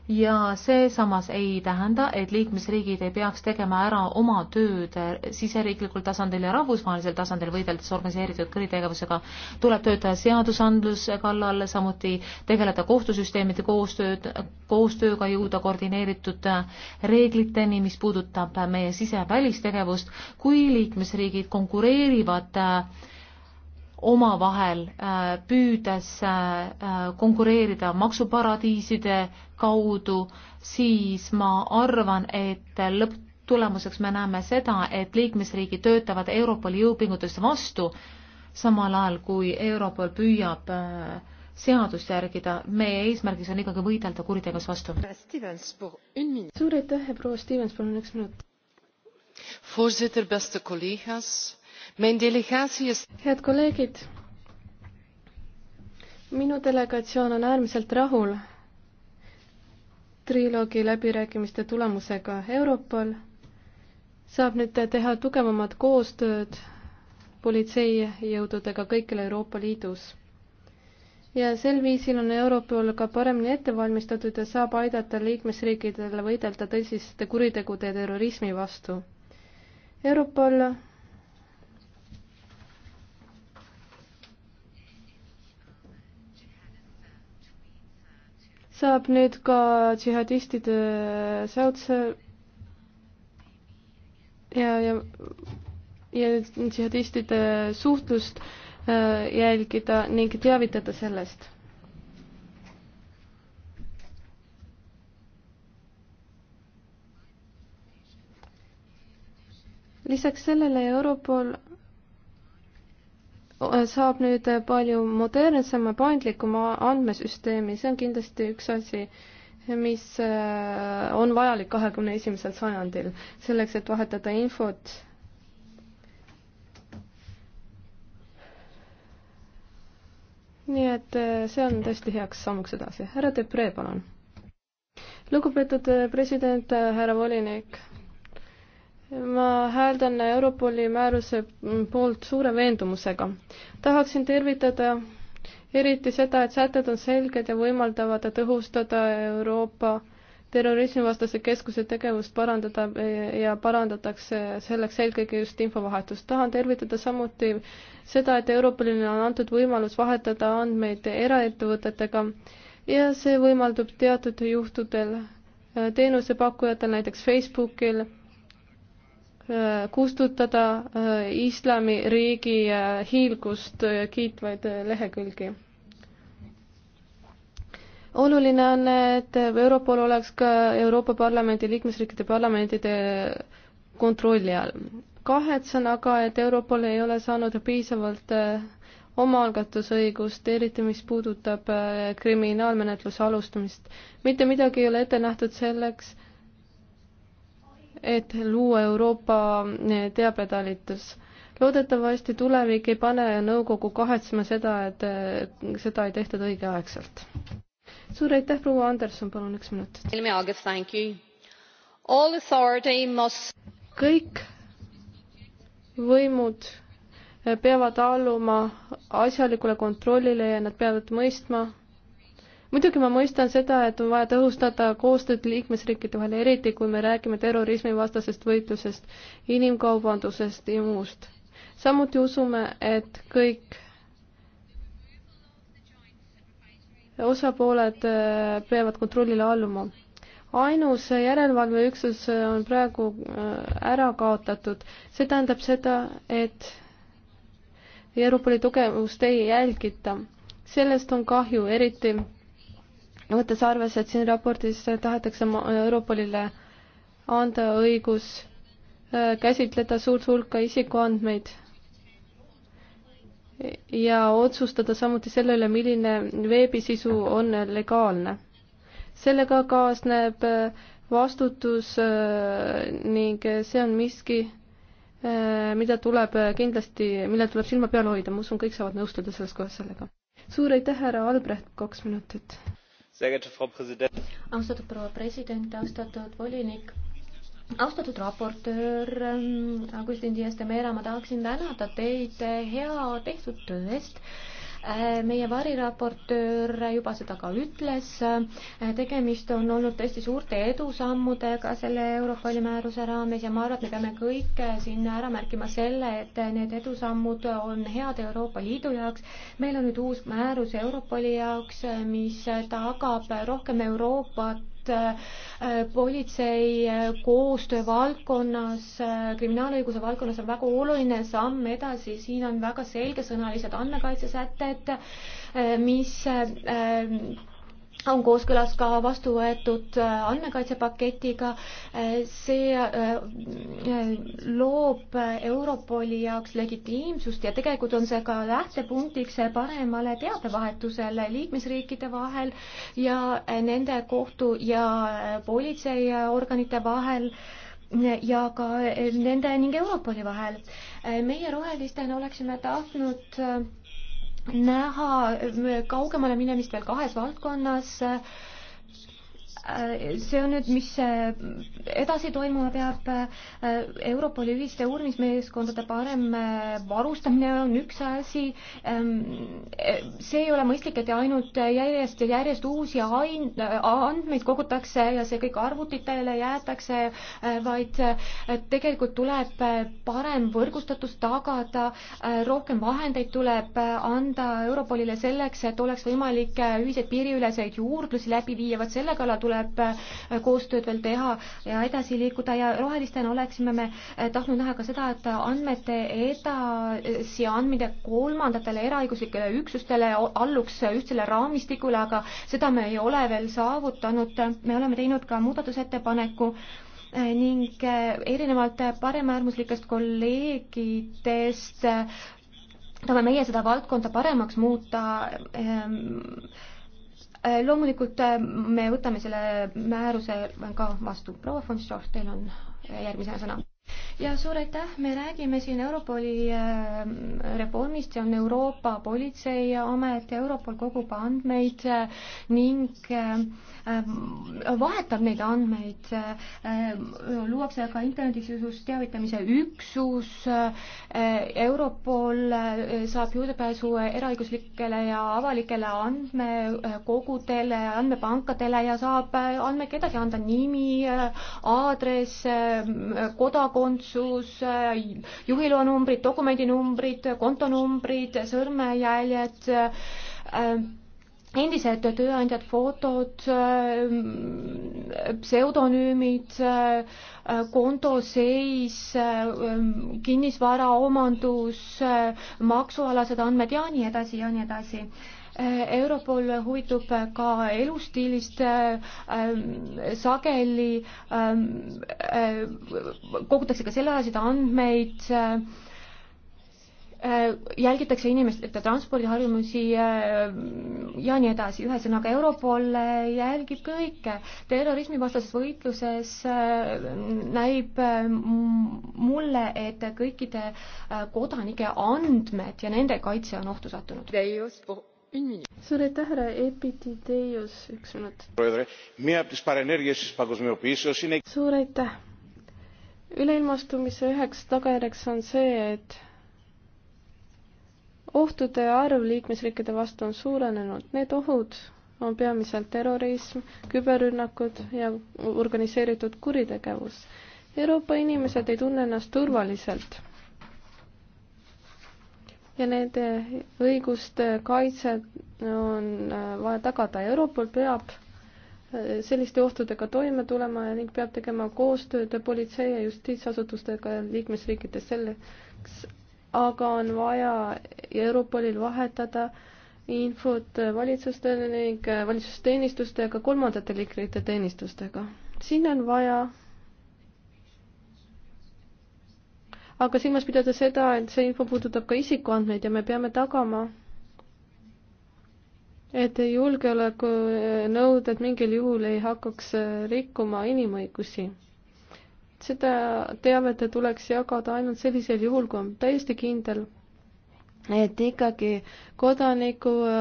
ja see samas ei tähenda, et liikmesriigid ei peaks tegema ära oma tööd siseriiklikul tasandil ja rahvusvahelisel tasandil võideldes organiseeritud kuritegevusega. tuleb töötada seadusandluse kallal, samuti tegeleda kohtusüsteemide koostööd, koostööga jõuda koordineeritud reegliteni, mis puudutab meie sise- ja välistegevust, kui liikmesriigid konkureerivad äh, omavahel äh, püüdes äh, äh, konkureerida maksuparadiiside kaudu, siis ma arvan, et lõpptulemuseks me näeme seda, et liikmesriigid töötavad Europoli jõupingutuste vastu, samal ajal kui Europol püüab seadust järgida. meie eesmärgiks on ikkagi võidelda kuritegevuse vastu. suur aitäh ja proua Stevens, palun üks minut. voorzitter, beste kollegas head kolleegid, minu delegatsioon on äärmiselt rahul triloogi läbirääkimiste tulemusega. Europol saab nüüd teha tugevamat koostööd politseijõududega kõikjal Euroopa Liidus ja sel viisil on Europol ka paremini ette valmistatud ja saab aidata liikmesriikidele võidelda tõsiste kuritegude ja terrorismi vastu. Europol saab nüüd ka džihadistide säutse ja, ja, ja džihadistide suhtlust äh, jälgida ning teavitada sellest lisaks sellele Europol saab nüüd palju modernsema, paindlikuma andmesüsteemi, see on kindlasti üks asi, mis äh, on vajalik kahekümne esimesel sajandil, selleks et vahetada infot nii et äh, see on tõesti heaks sammuks edasi. härra Depree, palun. lugupeetud äh, president, härra volinik ma hääldan Europoli määruse poolt suure veendumusega. tahaksin tervitada eriti seda, et sätted on selged ja võimaldavad tõhustada Euroopa terrorismivastase keskuse tegevust parandada ja parandatakse selleks eelkõige just infovahetust. tahan tervitada samuti seda, et Europolile on antud võimalus vahetada andmeid eraettevõtetega ja see võimaldab teatud juhtudel teenusepakkujatel, näiteks Facebookil Äh, kustutada äh, islamiriigi äh, hiilgust kiitvaid lehekülgi oluline on, et Europol oleks ka Euroopa Parlamendi liikmesriikide parlamentide kontrolli all. kahetsen aga, et Europol ei ole saanud piisavalt omaalgatusõigust, eriti mis puudutab kriminaalmenetluse alustamist. mitte midagi ei ole ette nähtud selleks, et luua Euroopa teabetalitus. loodetavasti tulevik ei pane nõukogu kahetsema seda, et seda ei tehtud õigeaegselt. suur aitäh, proua Anderson, palun üks minut. kõik võimud peavad alluma asjalikule kontrollile ja nad peavad mõistma, muidugi ma mõistan seda, et on vaja tõhustada koostööd liikmesriikide vahel, eriti kui me räägime terrorismivastasest võitlusest, inimkaubandusest ja muust. samuti usume, et kõik osapooled äh, peavad kontrollile alluma ainus järelevalveüksus äh, on praegu äh, ära kaotatud. see tähendab seda, et Euroopa Liidu tugevust ei jälgita. sellest on kahju, eriti võttes arvesse, et siin raportis tahetakse Europolile anda õigus äh, käsitleda suurt hulka isikuandmeid ja otsustada samuti selle üle, milline veebisisu on legaalne. sellega kaasneb äh, vastutus äh, ning see on miski, mida tuleb kindlasti, millel tuleb silma peal hoida, ma usun, kõik saavad nõustuda selles kohas sellega. suur aitäh, härra Albrecht, kaks minutit austatud proua president, austatud volinik austatud raportöör ähm, Agustin Dias de Mera, ma tahaksin tänada teid hea tehtud töö eest Äh, meie variraportöör juba seda ka ütles, äh, tegemist on olnud tõesti suurte edusammudega selle Europoli määruse raames ja ma arvan, et me peame kõik äh, siin ära märkima selle, et need edusammud on head Euroopa Liidu jaoks. meil on nüüd uus määrus Europoli jaoks, mis tagab rohkem Euroopat koostööd äh, politsei äh, koostöö valdkonnas, äh, kriminaalõiguse valdkonnas on väga oluline samm edasi, siin on väga selgesõnalised andmekaitsesätted, mis on kooskõlas ka vastu võetud äh, andmekaitsepaketiga. Äh, see äh, loob Europoli jaoks legitiimsust ja tegelikult on see ka lähtepunktiks paremale teabevahetusele liikmesriikide vahel ja nende kohtu ja politseiorganite vahel ja ka nende ning Europoli vahel. meie rohelistena oleksime tahtnud näha kaugemale minemist veel kahes valdkonnas Äh, see on nüüd, mis äh, edasi toimuma peab, äh, Europoli ühiste uurimismeeskondade parem varustamine on üks asi, ähm, see ei ole mõistlik, et ainult järjest ja järjest uusi ain-, andmeid kogutakse ja see kõik arvutitele jäetakse, vaid tegelikult tuleb parem võrgustatus tagada, rohkem vahendeid tuleb anda Europolile selleks, et oleks võimalik ühiseid piiriüleseid juurdlusi läbi viia, vaat selle kallal tuleb tuleb äh, koostööd veel teha ja edasi liikuda ja rohelistena oleksime me äh, tahtnud näha ka seda, et andmete edasi andmine kolmandatele eraõiguslikele üksustele alluks ühtsele raamistikule, aga seda me ei ole veel saavutanud. me oleme teinud ka muudatusettepaneku äh, ning erinevalt paremäärmuslikest kolleegidest tahame meie seda valdkonda paremaks muuta ähm, Äh, loomulikult äh, me võtame selle määruse ka vastu. proua von Storch, teil on äh, järgmisena sõna ja suur aitäh, me räägime siin Europoli äh, reformist, see on Euroopa Politseiamet, Europol kogub andmeid äh, ning äh, vahetab neid andmeid, luuakse ka internetisisust teavitamise üksus, Europol saab juurdepääsu eraõiguslikele ja avalikele andmekogudele, andmepankadele ja saab andmeid edasi anda, nimi, aadress, kodakondsus, kodakondsus, juhiloanumbrid, dokumendinumbrid, kontonumbrid, sõrmejäljed, äh, endised tööandjad, fotod, äh, pseudonüümid, äh, kontoseis, kinnisvaraomandus, maksualased andmed ja nii edasi ja nii edasi Europol huvitub ka elustiilist ähm, sageli, ähm, äh, kogutakse ka sellealaseid andmeid, äh, äh, jälgitakse inimeste transpordiharjumusi ja nii edasi, ühesõnaga Europol jälgib kõike. terrorismivastases võitluses näib mulle, et kõikide kodanike andmed ja nende kaitse on ohtu sattunud suur aitäh, härra Epitideios, üks minut. suur aitäh. üleilmastumise üheks tagajärjeks on see, et ohtude arv liikmesriikide vastu on suurenenud, need ohud on peamiselt terrorism, küberrünnakud ja organiseeritud kuritegevus. Euroopa inimesed ei tunne ennast turvaliselt ja nende õiguste kaitse on äh, vaja tagada. Europol peab äh, selliste ohtudega toime tulema ning peab tegema koostööd politsei ja justiitsasutustega liikmesriikides selleks, aga on vaja Europolil vahetada infot valitsustele ning äh, valitsusteenistustega, kolmandate liikrite teenistustega. siin on vaja aga silmas pidada seda, et see info puudutab ka isikuandmeid ja me peame tagama, et julgeolekunõuded mingil juhul ei hakkaks äh, rikkuma inimõigusi. seda teavet tuleks jagada ainult sellisel juhul, kui on täiesti kindel, et ikkagi kodanikku äh,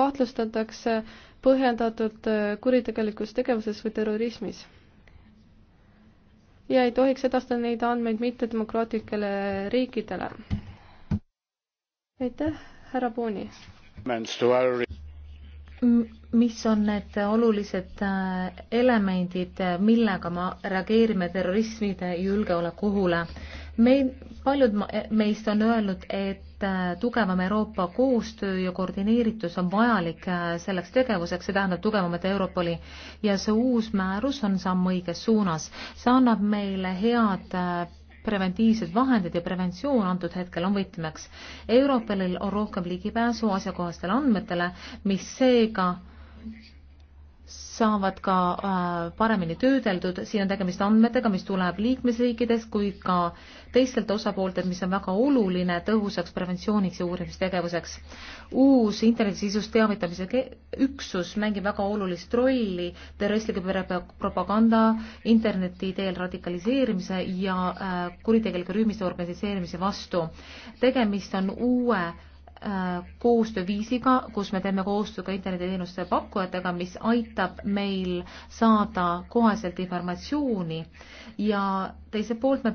kahtlustatakse põhjendatult äh, kuritegelikus tegevuses või terrorismis ja ei tohiks edastada neid andmeid mittedemokraatlikele riikidele. aitäh, härra Puuni. mis on need olulised äh, elemendid, äh, millega me reageerime terrorismide julgeolekuohule? meil, paljud meist on öelnud, et et äh, tugevam Euroopa koostöö ja koordineeritus on vajalik äh, selleks tegevuseks, see tähendab tugevamat Europoli ja see uus määrus on samm õiges suunas. see annab meile head äh, preventiivsed vahendid ja preventsioon antud hetkel on võtmeks. Europolil on rohkem ligipääsu asjakohastele andmetele, mis seega saavad ka äh, paremini töödeldud, siin on tegemist andmetega, mis tuleb liikmesriikides kui ka teistelt osapooltelt, mis on väga oluline tõhusaks preventsiooniks ja uurimistegevuseks. uus internetisisust teavitamise üksus mängib väga olulist rolli terroristliku propaganda, interneti teel radikaliseerimise ja äh, kuritegeliku rühmiste organiseerimise vastu. tegemist on uue Äh, koostööviisiga, kus me teeme koostööd ka internetiteenuste pakkujatega, mis aitab meil saada koheselt informatsiooni ja teiselt poolt me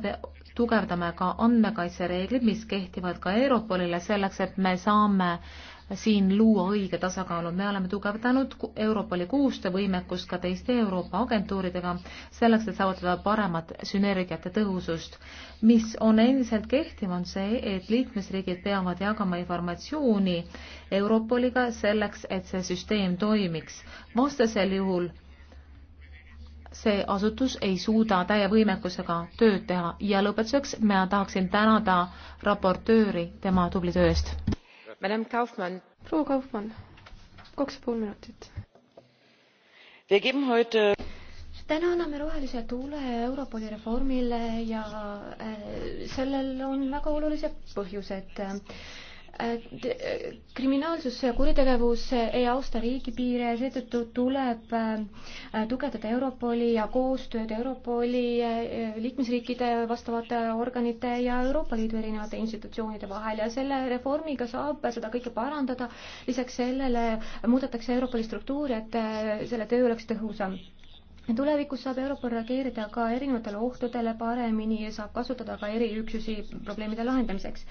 tugevdame ka andmekaitsereeglid, mis kehtivad ka Europolile selleks, et me saame äh, siin luua õige tasakaalu. me oleme tugevdanud Europoli koostöövõimekust ka teiste Euroopa agentuuridega selleks, et saavutada paremat sünergiat ja tõhusust. mis on endiselt kehtiv, on see, et liikmesriigid peavad jagama informatsiooni Europoliga selleks, et see süsteem toimiks. vastasel juhul see asutus ei suuda täie võimekusega tööd teha ja lõpetuseks ma tahaksin tänada raportööri tema tubli töö eest proua kaufmann kaks ja pool minutit. täna anname rohelise tuule europoli reformile ja äh, sellel on väga olulised põhjused kriminaalsus ja kuritegevus ei austa riigipiire, seetõttu tuleb äh, tugevdada Europoli ja koostööd Europoli äh, liikmesriikide vastavate organite ja Euroopa Liidu erinevate institutsioonide vahel ja selle reformiga saab seda kõike parandada. lisaks sellele muudetakse Europoli struktuuri, et äh, selle töö oleks tõhusam tulevikus saab Europol reageerida ka erinevatele ohtudele paremini ja saab kasutada ka eriüksusi probleemide lahendamiseks.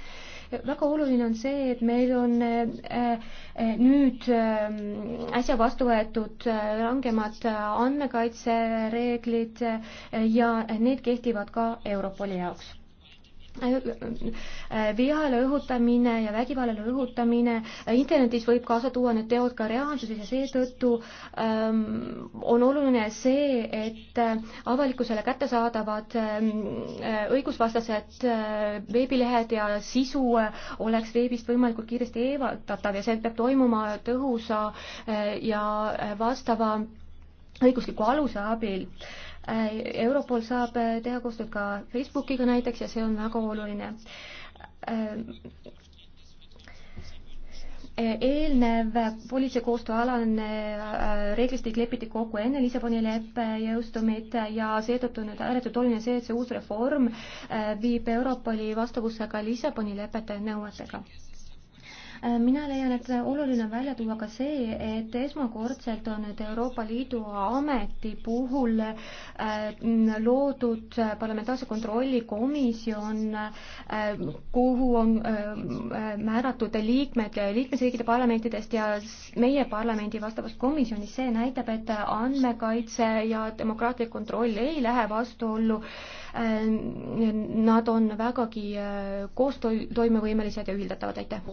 väga oluline on see, et meil on äh, äh nüüd äh, äsja vastu võetud äh, rangemad äh, andmekaitsereeglid äh, ja need kehtivad ka Europoli jaoks Äh, vihale õhutamine ja vägivallale õhutamine, äh, internetis võib kaasa tuua need teod ka reaalsuses ja seetõttu ähm, on oluline see, et äh, avalikkusele kättesaadavad ähm, õigusvastased äh, veebilehed ja sisu oleks veebist võimalikult kiiresti eemaldatav ja see peab toimuma tõhusa äh, ja vastava õigusliku aluse abil äh, Äh, Europol saab äh, teha koostööd ka Facebookiga näiteks ja see on väga oluline äh, e-, eelnev politsei koostööalane reeglistik lepiti kokku enne Lissaboni leppe jõustumit ja seetõttu nüüd ääretult oluline see, et see uus reform viib Europoli vastavusse ka Lissaboni lepete nõuetega. Äh, mina leian, et oluline on välja tuua ka see, et esmakordselt on nüüd Euroopa Liidu ameti puhul äh, loodud parlamentaarse kontrolli komisjon, äh, kuhu on määratud liikmed liikmesriikide parlamentidest ja meie parlamendi vastavas komisjonis, see näitab, et andmekaitse ja demokraatlik kontroll ei lähe vastuollu. Nad on vägagi koostoimevõimelised ja ühildatavad, aitäh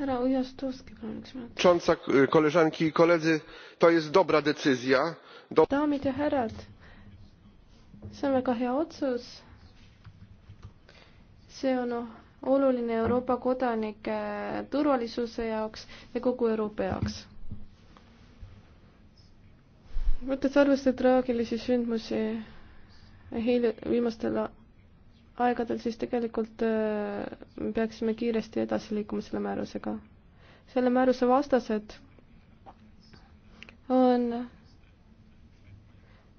przewodnicząca! koleżanki i koledzy! to jest dobra decyzja. daamid ja härrad see on väga hea otsus. see on oluline euroopa kodanike turvalisuse jaoks ja kogu euroopa jaoks. võttes arvesse traagilisi sündmusi hilj- viimastel aegadel, siis tegelikult me äh, peaksime kiiresti edasi liikuma selle määrusega. selle määruse vastased on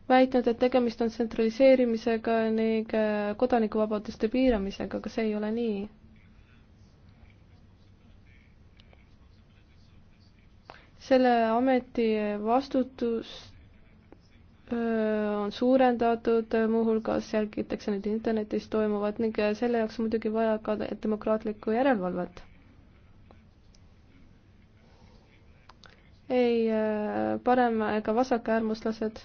väitnud, et tegemist on tsentraliseerimisega ning äh, kodanikuvabaduste piiramisega, aga see ei ole nii. selle ameti vastutus on suurendatud, muuhulgas jälgitakse nüüd internetis toimuvat ning selle jaoks muidugi vaja ka demokraatlikku järelevalvet. ei parem- ega vasakäärmuslased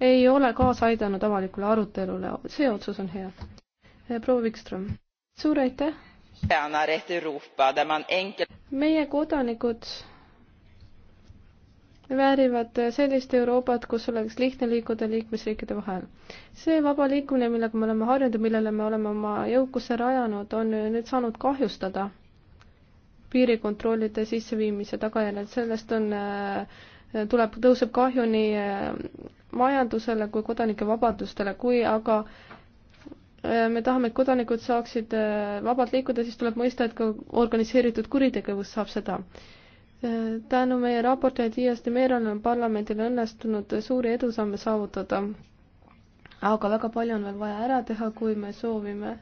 ei ole kaasa aidanud avalikule arutelule, see otsus on hea. proua Vikström, suur aitäh! meie kodanikud väärivad sellist Euroopat, kus oleks lihtne liikuda liikmesriikide vahel. see vaba liikumine, millega me oleme harjunud ja millele me oleme oma jõukuse rajanud, on nüüd saanud kahjustada piirikontrollide sisseviimise tagajärjel, sellest on, äh, tuleb, tõuseb kahju nii äh, majandusele kui kodanike vabadustele, kui aga äh, me tahame, et kodanikud saaksid vabalt liikuda, siis tuleb mõista, et ka organiseeritud kuritegevus saab seda tänu meie raportile Dias de Meron on parlamendil õnnestunud suuri edusamme saavutada. aga väga palju on veel vaja ära teha, kui me soovime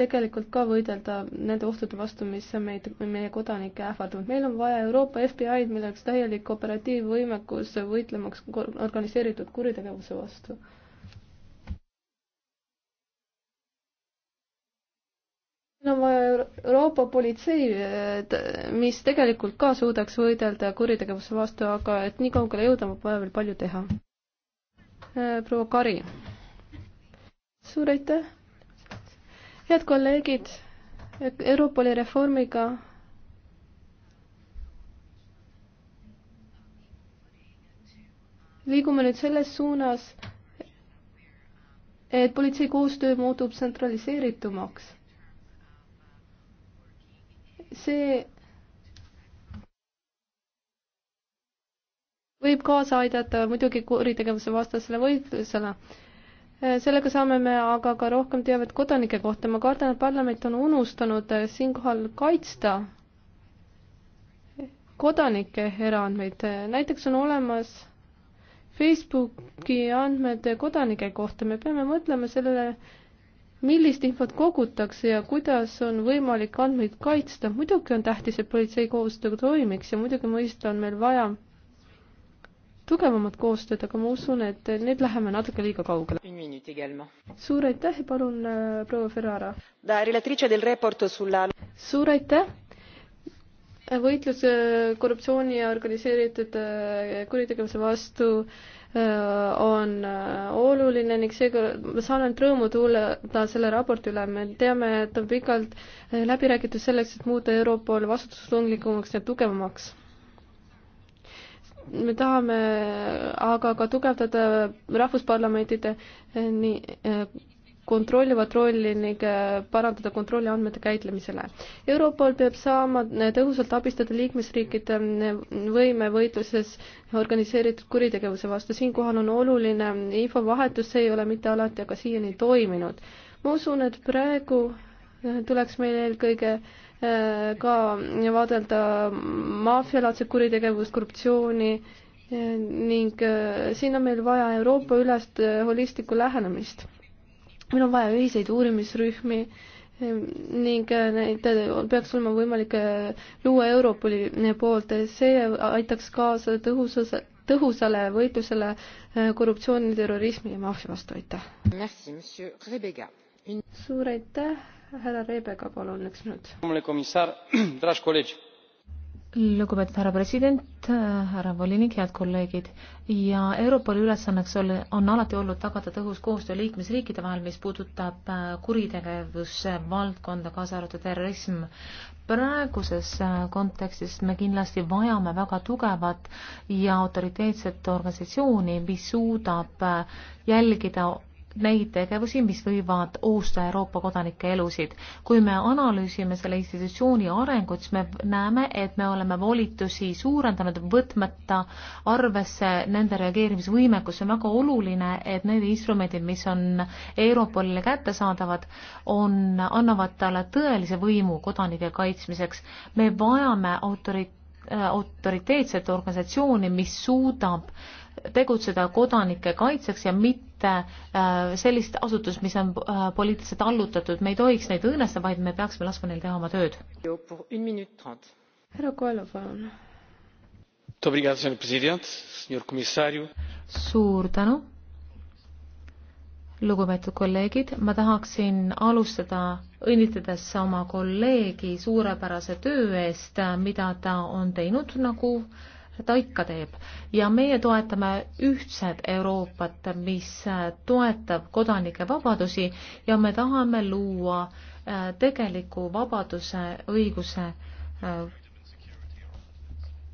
tegelikult ka võidelda nende ohtude vastu, mis meid, meie kodanikke ähvardavad. meil on vaja Euroopa FBI-d, milleks täielik operatiivvõimekus võitlemaks organiseeritud kuritegevuse vastu on vaja Euroopa politseid, mis tegelikult ka suudaks võidelda kuritegevuse vastu, aga et nii kaugele jõuda, on vaja veel palju teha. Äh, proua Kari. suur aitäh. head kolleegid, Europoli reformiga liigume nüüd selles suunas, et politsei koostöö muutub tsentraliseeritumaks see võib kaasa aidata muidugi kuritegevuse vastasele võitlusele. sellega saame me aga ka rohkem teavet kodanike kohta, ma kardan, et parlament on unustanud siinkohal kaitsta kodanike eraandmeid, näiteks on olemas Facebooki andmed kodanike kohta, me peame mõtlema sellele, millist infot kogutakse ja kuidas on võimalik andmeid kaitsta. muidugi on tähtis, et politsei koostöö toimiks ja muidugi mõista on meil vaja tugevamat koostööd, aga ma usun, et nüüd läheme natuke liiga kaugele. suur aitäh ja palun äh, proua Ferrara. suur aitäh võitlus äh, korruptsiooni ja organiseeritud äh, kuritegevuse vastu äh, on oluline ning seega ma saan ainult rõõmu tuuleda selle raporti üle. me teame, et on pikalt läbi räägitud selleks, et muuta Europol vastutustundlikumaks ja tugevamaks. me tahame aga ka tugevdada rahvusparlamentide nii kontrollivat rolli ning äh, parandada kontrolli andmete käitlemisele. Europol peab saama äh, tõhusalt abistada liikmesriikide äh, võime võitluses organiseeritud kuritegevuse vastu, siinkohal on oluline infovahetus, see ei ole mitte alati aga siiani toiminud. ma usun, et praegu tuleks meil eelkõige ka vaadelda maffialaadset kuritegevust, korruptsiooni ning siin on meil vaja Euroopa ülest holistlikku lähenemist meil on vaja ühiseid uurimisrühmi ehm, ning äh, neid äh, peaks olema võimalik äh, luua Europoli poolt, see aitaks kaasa tõhusus, tõhusale võitlusele korruptsiooni, terrorismi ja maffia vastu, aitäh! suur aitäh, härra Rebega, palun üks minut. lugupeetud härra president, härra volinik, head kolleegid ja Europoli ülesanneks oli, on alati olnud tagada tõhus koostöö liikmesriikide vahel, mis puudutab äh, kuritegevuse valdkonda, kaasa arvatud terrorism. praeguses äh, kontekstis me kindlasti vajame väga tugevat ja autoriteetset organisatsiooni, mis suudab äh, jälgida neid tegevusi, mis võivad ohustada Euroopa kodanike elusid. kui me analüüsime selle institutsiooni arengut, siis me näeme, et me oleme volitusi suurendanud, võtmata arvesse nende reageerimisvõimekus. see on väga oluline, et need instrumendid, mis on Europolile kättesaadavad, on, annavad talle tõelise võimu kodanike kaitsmiseks. me vajame autorit-, äh, autoriteetset organisatsiooni, mis suudab tegutseda kodanike kaitseks ja mitte mitte äh, sellist asutust, mis on äh, poliitiliselt allutatud, me ei tohiks neid õõnestada, vaid me peaksime laskma neil teha oma tööd. härra Koelo, palun. suur tänu. lugupeetud kolleegid, ma tahaksin alustada õnnitledes oma kolleegi suurepärase töö eest, mida ta on teinud, nagu äh, ta ikka teeb. ja meie toetame ühtset Euroopat, mis äh, toetab kodanike vabadusi ja me tahame luua äh, tegeliku vabaduse, õiguse äh,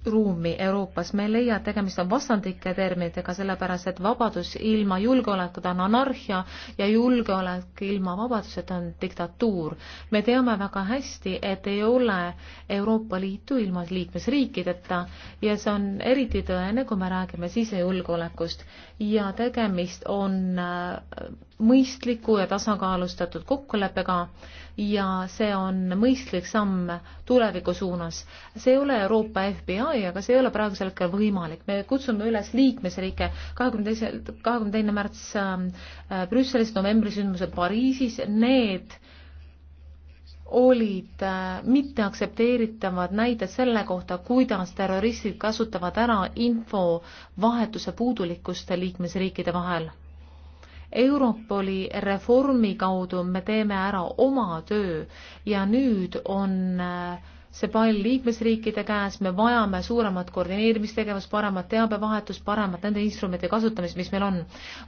ruumi Euroopas, me ei leia, et tegemist on vastandlike terminitega, sellepärast et vabadus ilma julgeolekuta on anarhia ja julgeolek ilma vabaduseta on diktatuur. me teame väga hästi, et ei ole Euroopa Liitu ilma liikmesriikideta ja see on eriti tõene, kui me räägime sisejulgeolekust ja tegemist on äh, mõistliku ja tasakaalustatud kokkuleppega, ja see on mõistlik samm tuleviku suunas. see ei ole Euroopa FBI, aga see ei ole praegusel hetkel võimalik. me kutsume üles liikmesriike kahekümne teisel, kahekümne teine märts ähm, äh, Brüsselis, novembri sündmused Pariisis, need olid äh, mitteaktsepteeritavad näited selle kohta, kuidas terroristid kasutavad ära infovahetuse puudulikkust liikmesriikide vahel Europoli reformi kaudu me teeme ära oma töö ja nüüd on äh, see pall liikmesriikide käes, me vajame suuremat koordineerimistegevust, paremat teabevahetust, paremat nende instrumentide kasutamist, mis meil on.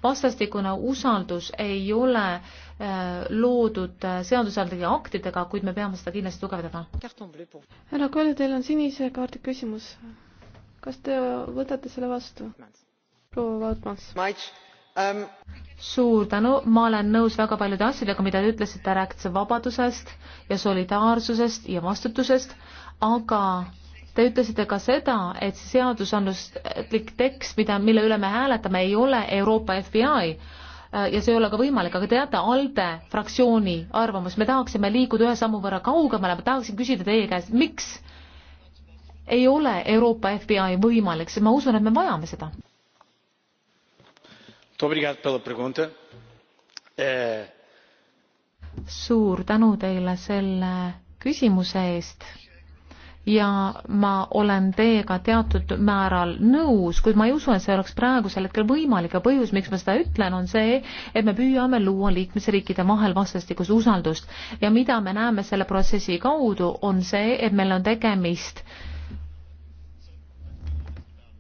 vastastikune usaldus ei ole äh, loodud äh, seadusandlike aktidega, kuid me peame seda kindlasti tugevdama. härra Kõll, teil on sinise kaardi küsimus. kas te võtate selle vastu? proua Vautmans um.... suur tänu, ma olen nõus väga paljude asjadega, mida te ütlesite, rääkisite vabadusest ja solidaarsusest ja vastutusest, aga Te ütlesite ka seda, et see seadusandluslik tekst, mida, mille üle me hääletame, ei ole Euroopa FBI ja see ei ole ka võimalik, aga teate, ALDE fraktsiooni arvamus, me tahaksime liikuda ühe sammu võrra kaugemale, ma tahaksin küsida teie käest, miks ei ole Euroopa FBI võimalik, sest ma usun, et me vajame seda suur tänu teile selle küsimuse eest ja ma olen teiega teatud määral nõus, kuid ma ei usu, et see oleks praegusel hetkel võimalik ja põhjus, miks ma seda ütlen, on see, et me püüame luua liikmesriikide vahel vastastikust usaldust ja mida me näeme selle protsessi kaudu, on see, et meil on tegemist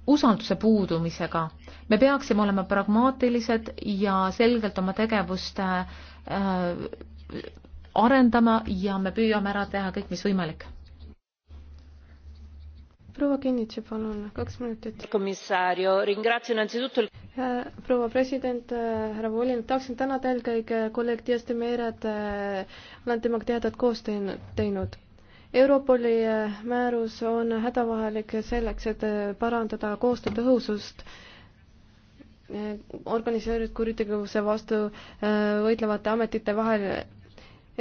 usalduse puudumisega me peaksime olema pragmaatilised ja selgelt oma tegevust äh, arendama ja me püüame ära teha kõik, mis võimalik. proua Kinnitši, palun, kaks minutit. proua president, äh, härra volinik, tahaksin tänada eelkõige kolleeg Dias de Meirat, äh, olen temaga tihedat koostööd teinud Europoli äh, määrus on hädavajalik selleks, et parandada koostöö tõhusust organiseeritud kuritegevuse vastu äh, võitlevate ametite vahel.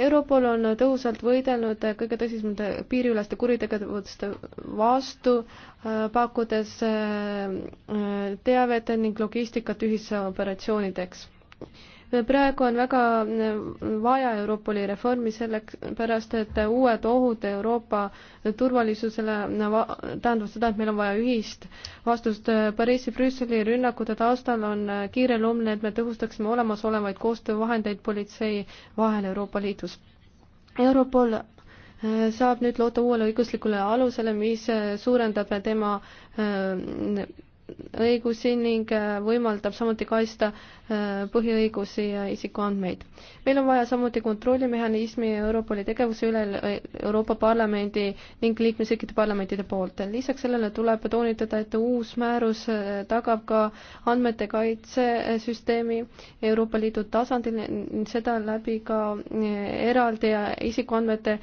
Europol on tõhusalt võidelnud kõige tõsisemate piiriüleste kuritegevuste vastu, äh, pakkudes äh, teavet ning logistikat ühisoperatsioonideks praegu on väga mm, vaja Europoli reformi sellepärast, et uued ohud Euroopa turvalisusele mm, tähendab seda, et meil on vaja ühist vastust. Pariisi, Brüsseli rünnakute taustal on mm, kiireloomne, et me tõhustaksime olemasolevaid koostöövahendeid politsei vahel Euroopa Liidus. Europol saab nüüd loota uuele õiguslikule alusele, mis suurendab tema õigusi ning äh, võimaldab samuti kaitsta äh, põhiõigusi ja isikuandmeid. meil on vaja samuti kontrollimehhanismi Europoli tegevuse üle äh, Euroopa Parlamendi ning liikmesriikide parlamentide poolt. lisaks sellele tuleb toonitada, et uus määrus tagab ka andmete kaitsesüsteemi Euroopa Liidu tasandil, seda läbi ka eraldi isikuandmete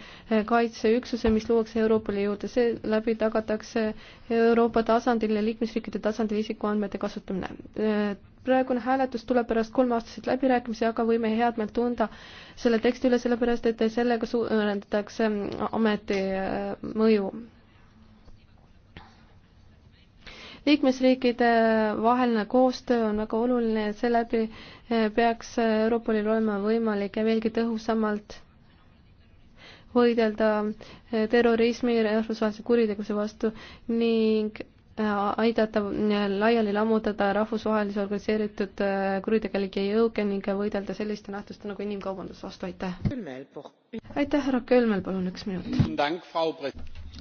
kaitseüksuse, mis luuakse Euroopale juurde, seeläbi tagatakse Euroopa tasandil ja liikmesriikide tasandil tasandil isikuandmete kasutamine. Äh, praegune hääletus tuleb pärast kolmeaastaseid läbirääkimisi, aga võime head meelt tunda selle teksti üle, sellepärast et sellega suurendatakse ameti äh, mõju. liikmesriikide äh, vaheline koostöö on väga oluline ja seeläbi peaks Europolil olema võimalik veelgi tõhusamalt võidelda terrorismi ja rahvusvahelise kuritegevuse vastu ning aidata äh, laiali lammutada rahvusvahelise organiseeritud äh, kuritegelike jõuge ning võidelda selliste nähtuste nagu inimkaubandus vastu, aitäh! aitäh, härra Kölmel, palun üks minut!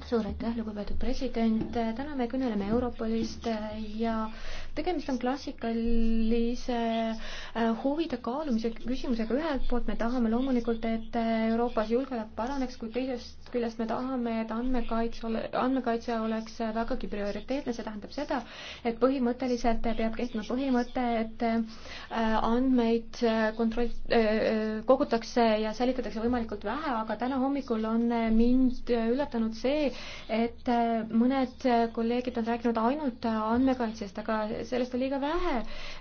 suur aitäh, lugupeetud president, täna me kõneleme Europolist äh, ja tegemist on klassikalise äh, huvide kaalumise küsimusega, ühelt poolt me tahame loomulikult, et äh, Euroopas julgeolek paraneks, kuid teisest küljest me tahame, et andmekaitse ole, andmekaitse oleks äh, vägagi prioriteetne, see tähendab seda, et põhimõtteliselt peab kehtima põhimõte, et andmeid kontroll, kogutakse ja säilitatakse võimalikult vähe, aga täna hommikul on mind üllatanud see, et mõned kolleegid on rääkinud ainult andmekaitsest, aga sellest on liiga vähe.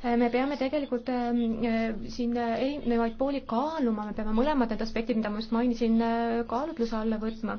Äh, me peame tegelikult ähm, äh, siin äh, erinevaid pooli kaaluma, me peame mõlemad need aspektid, mida ma just mainisin, kaalutluse alla võtma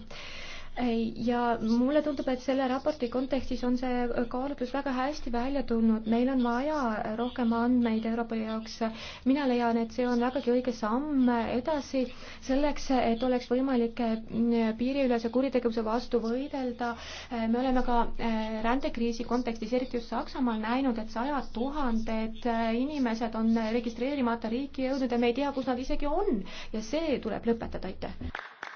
ja mulle tundub, et selle raporti kontekstis on see kaalutlus väga hästi välja tulnud, meil on vaja rohkem andmeid Europoli jaoks. mina leian, et see on vägagi õige samm edasi selleks, et oleks võimalik eh, piiriülese kuritegevuse vastu võidelda. Eh, me oleme ka eh, rändekriisi kontekstis, eriti just Saksamaal näinud, et sajad tuhanded inimesed on registreerimata riiki jõudnud ja me ei tea, kus nad isegi on ja see tuleb lõpetada, aitäh.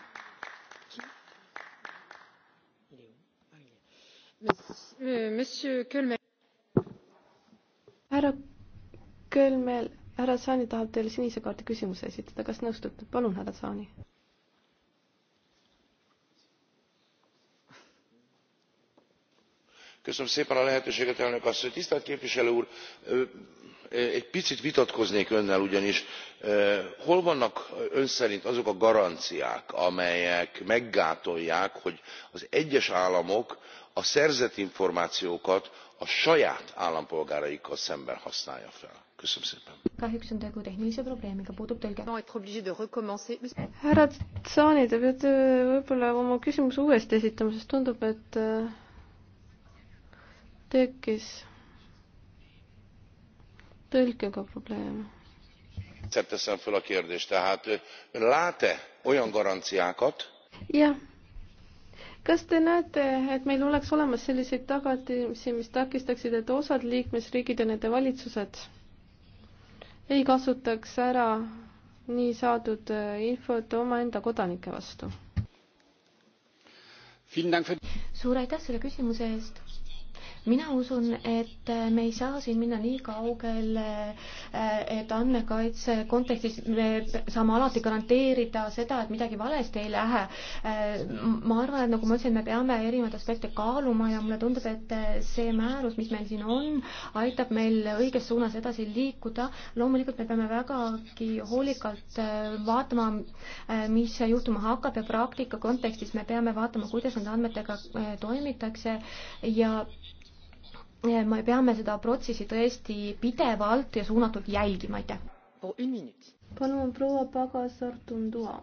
härra Kölmel, härra Saani tahab teile sinise kaardi küsimuse esitada, kas nõustute? palun, härra Saani. köszönöm szépen a lehetőséget elnök asszony! tisztelt képviselő úr egy picit vitatkoznék önnel ugyanis hol vannak ön szerint azok a garanciák amelyek meggátolják hogy az egyes államok a szerzett információkat a saját állampolgáraikkal szemben használja fel. Köszönöm szépen. Kahjuks on tegu tehnilise probleemiga, puudub tõlge. härra Tsaani, te peate äh, võib-olla oma küsimuse uuesti esitama, sest tundub, et äh, tekkis tõlkega probleem. Egyszer teszem föl a kérdést, tehát ön lát-e olyan garanciákat? jah kas te näete, et meil oleks olemas selliseid tagatisi, mis takistaksid, et osad liikmesriigid ja nende valitsused ei kasutaks ära nii saadud infot omaenda kodanike vastu? suur aitäh selle küsimuse eest mina usun, et me ei saa siin minna nii kaugele, et andmekaitse kontekstis me saame alati garanteerida seda, et midagi valesti ei lähe. ma arvan, et nagu ma ütlesin, me peame erinevaid aspekte kaaluma ja mulle tundub, et see määrus, mis meil siin on, aitab meil õiges suunas edasi liikuda. loomulikult me peame vägagi hoolikalt vaatama, mis juhtuma hakkab ja praktika kontekstis me peame vaatama, kuidas nende andmetega toimitakse ja Eh, me peame seda protsessi tõesti pidevalt ja suunatult jälgima, aitäh. palun proua Pagasar-Tundua.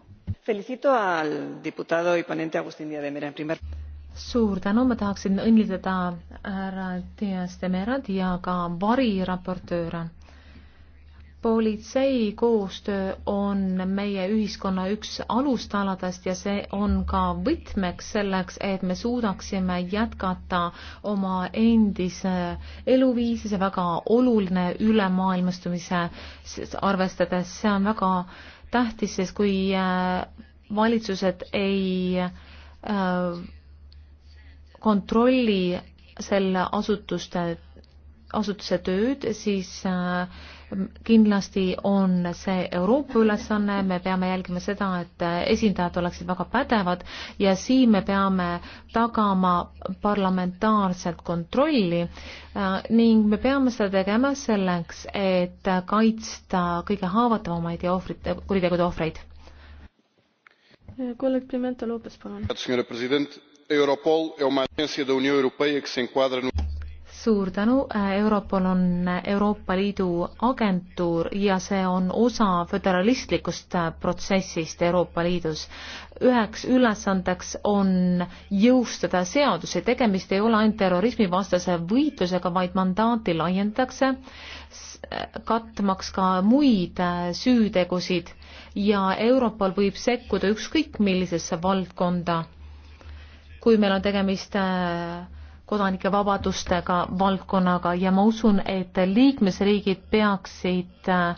Felicito al diputado y ponente Agustin Díaz de Mera en primer suur tänu, ma tahaksin õnnitleda härra Dias de Merat ja ka variraportööre politsei koostöö on meie ühiskonna üks alustaladest ja see on ka võtmeks selleks, et me suudaksime jätkata oma endise eluviisi, see väga oluline ülemaailmastumise arvestades, see on väga tähtis, sest kui äh, valitsused ei äh, kontrolli selle asutuste, asutuse tööd, siis äh, kindlasti on see Euroopa ülesanne, me peame jälgima seda, et esindajad oleksid väga pädevad ja siin me peame tagama parlamentaarset kontrolli äh, ning me peame seda tegema selleks, et kaitsta kõige haavatavamaid ja ohvrite, kuritegude ohvreid. kolleeg Pimenta Lopes, palun. Europol é uma agência da União Europeia que se enquadra no suur tänu, äh, Europol on äh, Euroopa Liidu agentuur ja see on osa föderalistlikust äh, protsessist Euroopa Liidus. üheks ülesandeks on jõustada seadusi, tegemist ei ole ainult terrorismivastase võitlusega, vaid mandaati laiendatakse, katmaks ka muid süütegusid ja Europol võib sekkuda ükskõik millisesse valdkonda, kui meil on tegemist äh, kodanike vabadustega valdkonnaga ja ma usun, et liikmesriigid peaksid äh,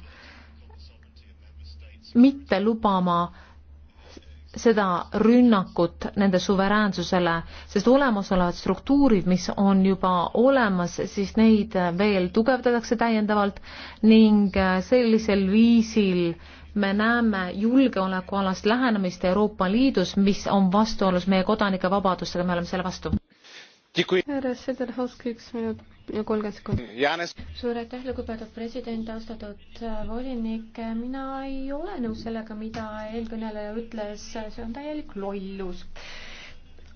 mitte lubama seda rünnakut nende suveräänsusele, sest olemasolevad struktuurid, mis on juba olemas, siis neid äh, veel tugevdatakse täiendavalt ning äh, sellisel viisil me näeme julgeolekualast lähenemist Euroopa Liidus, mis on vastuolus meie kodanike vabadustega, me oleme selle vastu härra Sederhovski, üks minut ja kolmkümmend sekundit. suur aitäh, lugupeetud president, austatud äh, volinik. mina ei ole nõus sellega, mida eelkõneleja ütles, see on täielik lollus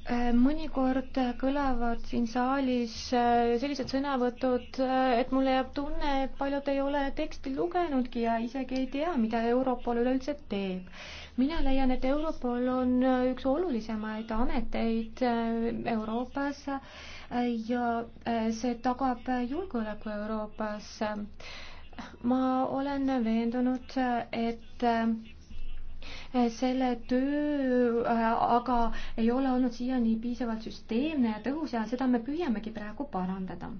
äh, mõnikord kõlavad siin saalis äh, sellised sõnavõtud, et mulle jääb tunne, et paljud ei ole teksti lugenudki ja isegi ei tea, mida Europol üleüldse teeb mina leian, et Europol on äh, üks olulisemaid ameteid äh, Euroopas äh, ja see tagab julgeoleku Euroopas. ma olen veendunud, et selle töö aga ei ole olnud siiani piisavalt süsteemne ja tõhus ja seda me püüamegi praegu parandada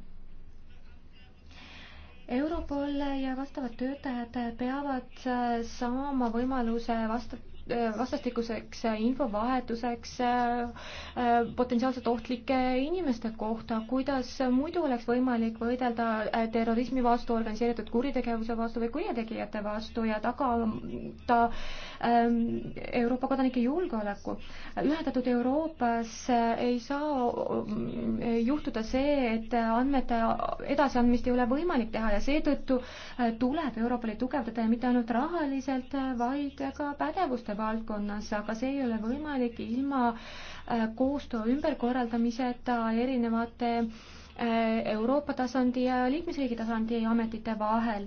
Europol ja vastavad töötajad peavad äh, saama võimaluse vasta-, äh, vastastikuseks infovahetuseks äh, potentsiaalselt ohtlike inimeste kohta, kuidas muidu oleks võimalik võidelda terrorismi vastu, organiseeritud kuritegevuse vastu või kurjategijate vastu ja tagada ta Ähm, Euroopa kodanike julgeoleku. ühendatud Euroopas äh, ei saa äh, juhtuda see, et andmete edasiandmist ei ole võimalik teha ja seetõttu äh, tuleb Euroopale tugevdada ja mitte ainult rahaliselt, vaid ka pädevuste valdkonnas, aga see ei ole võimalik ilma koostöö ümberkorraldamiseta erinevate Euroopa tasandi ja liikmesriigi tasandi ametite vahel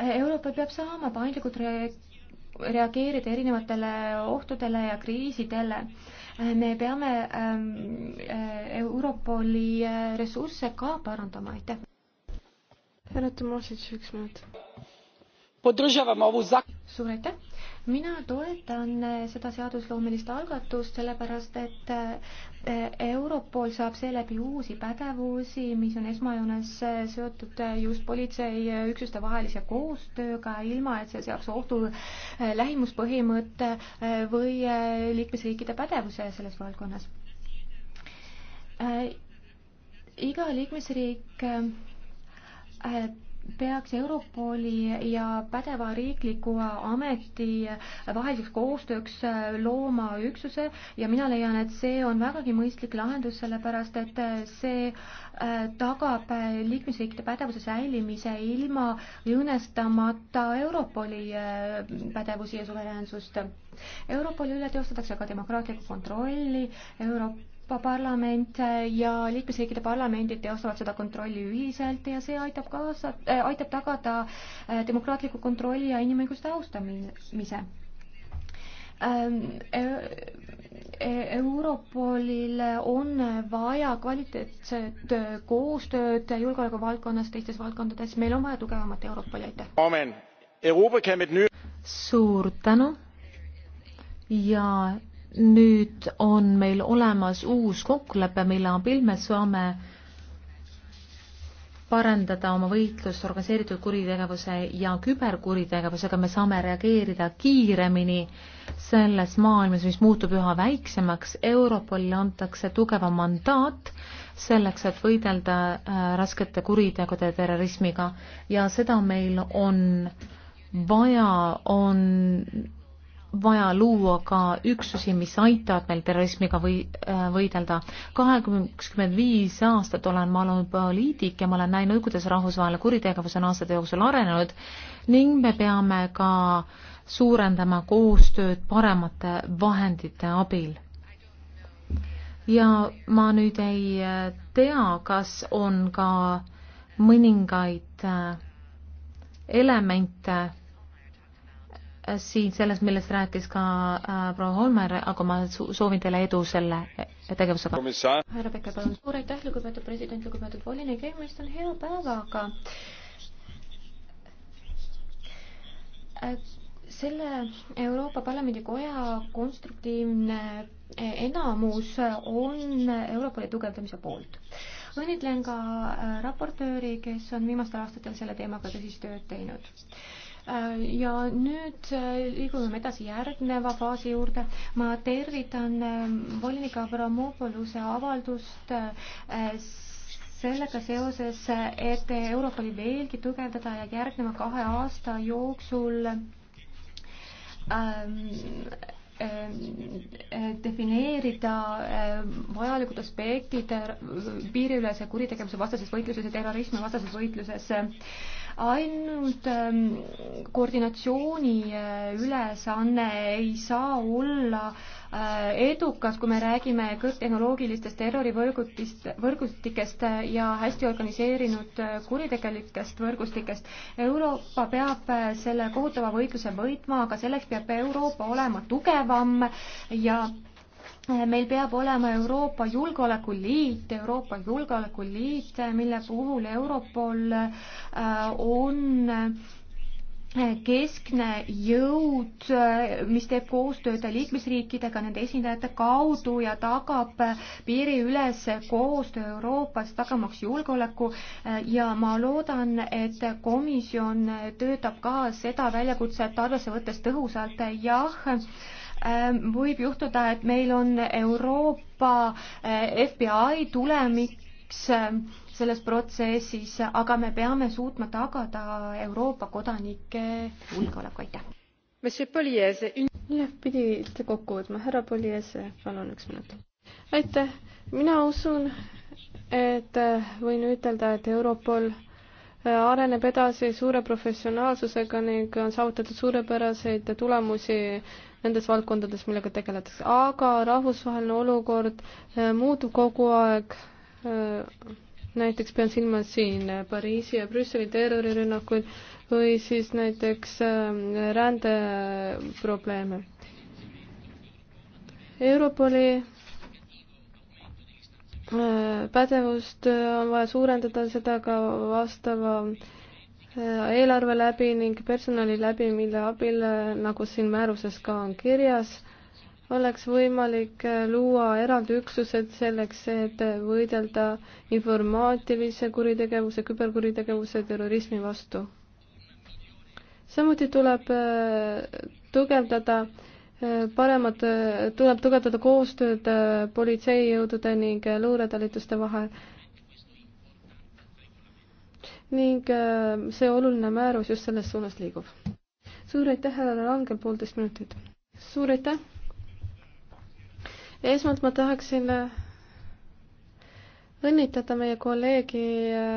Euroopa peab saama paindlikult reageerida erinevatele ohtudele ja kriisidele. me peame ähm, äh, Europoli äh, ressursse ka parandama, aitäh. härra Tomasitš, üks minut. suur aitäh mina toetan eh, seda seadusloomelist algatust, sellepärast et eh, Europol saab seeläbi uusi pädevusi, mis on esmajoones eh, seotud just politseiüksuste vahelise koostööga, ilma et see seaks ohtu lähimuspõhimõtte või liikmesriikide pädevuse selles valdkonnas. iga liikmesriik peaks Europoli ja pädeva riikliku ameti vaheliseks koostööks looma üksuse ja mina leian, et see on vägagi mõistlik lahendus, sellepärast et see äh, tagab liikmesriikide pädevuse säilimise ilma õõnestamata Europoli äh, pädevusi ja suveräänsust. Europoli üle teostatakse ka demokraatlikku kontrolli, Euroopa Euroopa Parlament äh, ja liikmesriikide parlamendid teostavad seda kontrolli ühiselt ja see aitab kaasa äh,, aitab tagada äh, demokraatliku kontrolli ja inimõiguste austamise ähm, e. Europolil on vaja kvaliteetset äh, koostööd julgeoleku valdkonnas, teistes valdkondades, meil on vaja tugevamat Europoli, aitäh! suur tänu ja nüüd on meil olemas uus kokkulepe, mille abil me saame parendada oma võitlust organiseeritud kuritegevuse ja küberkuritegevusega, me saame reageerida kiiremini selles maailmas, mis muutub üha väiksemaks. Europolile antakse tugevam mandaat selleks, et võidelda äh, raskete kuritegude ja terrorismiga ja seda meil on vaja, on vaja luua ka üksusi, mis aitavad meil terrorismiga või äh, võidelda. kahekümmend viis aastat olen ma olnud poliitik ja ma olen näinud, kuidas rahvusvaheline kuritegevus on aastate jooksul arenenud ning me peame ka suurendama koostööd paremate vahendite abil ja ma nüüd ei äh, tea, kas on ka mõningaid äh, elemente siin selles, millest rääkis ka äh, proua Holmer, aga ma soovin teile edu selle tegevusega. härra Pekker, palun. suur aitäh, lugupeetud president, lugupeetud volinik, eelmist on hea päev, aga äh, selle Euroopa Parlamendi koja konstruktiivne äh, enamus on Euroopa Liidu tugevdamise poolt. õnnitlen ka äh, raportööri, kes on viimastel aastatel selle teemaga tõsist tööd teinud Äh, ja nüüd äh, liigume me edasi järgneva faasi juurde. ma tervitan ähm, volinik Abramopoluse avaldust äh, sellega seoses, et Europoli veelgi tugevdada ja järgneva kahe aasta jooksul ähm, ähm defineerida vajalikud aspektid piiriülese kuritegevuse vastases võitluses ja terrorismi vastases võitluses äh, ainult ähm, koordinatsiooni äh, ülesanne ei saa olla äh, edukas, kui me räägime kõrgtehnoloogilistest terrorivõrgutist, võrgustikest äh, ja hästi organiseerinud kuritegelikest võrgustikest. Euroopa peab selle kohutava võitluse võitma, aga selleks peab Euroopa olema tugevam ja meil peab olema Euroopa Julgeolekuliit, Euroopa Julgeolekuliit, mille puhul Europol äh, on äh, keskne jõud, äh, mis teeb koostööd liikmesriikidega nende esindajate kaudu ja tagab piiriülese koostöö Euroopas, tagamaks julgeoleku ja ma loodan, et komisjon töötab ka seda väljakutset arvesse võttes tõhusalt, jah Ähm, võib juhtuda, et meil on Euroopa äh, FBI tulemiks ähm, selles protsessis, aga me peame suutma tagada Euroopa kodanike julgeoleku, aitäh. jah, pidite kokku võtma, härra Poliese, palun üks minut. aitäh, mina usun, et äh, võin ütelda, et Europol Äh, areneb edasi suure professionaalsusega ning on saavutatud suurepäraseid tulemusi nendes valdkondades, millega tegeletakse, aga rahvusvaheline olukord äh, muutub kogu aeg. Äh, näiteks pean silmas siin Pariisi ja Brüsseli terrorirünnakuid või siis näiteks rändeprobleeme. Europoli pädevust on vaja suurendada seda ka vastava äh, eelarve läbi ning personali läbi, mille abil, äh, nagu siin määruses ka on kirjas, oleks võimalik äh, luua eraldi üksused selleks, et võidelda informaatilise kuritegevuse, küberkuritegevuse, terrorismi vastu. samuti tuleb tugevdada äh, paremat, tuleb tugevdada koostööd äh, politseijõudude ning äh, luuretalituste vahel. ning äh, see oluline määrus just selles suunas liigub. suur aitäh, härra Langel, poolteist minutit. suur aitäh. esmalt ma tahaksin õnnitleda meie kolleegi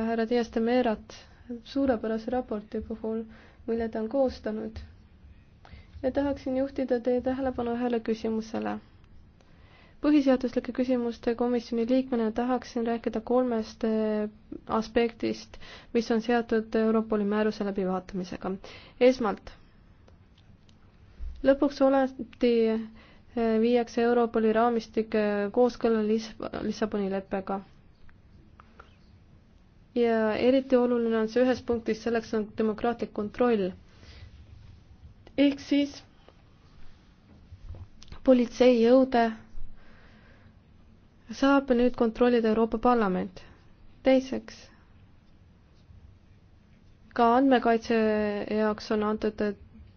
härra Dias de Merat suurepärase raporti puhul, mille ta on koostanud ja tahaksin juhtida teie tähelepanu ühele küsimusele. põhiseaduslike küsimuste komisjoni liikmena tahaksin rääkida kolmest eh, aspektist, mis on seotud Europoli määruse läbivaatamisega. esmalt, lõpuks oleti eh, viiakse Europoli raamistik eh, kooskõlla Lissaboni leppega ja eriti oluline on see ühes punktis, selleks on demokraatlik kontroll ehk siis politseijõude saab nüüd kontrollida Euroopa Parlament. teiseks, ka andmekaitse jaoks on antud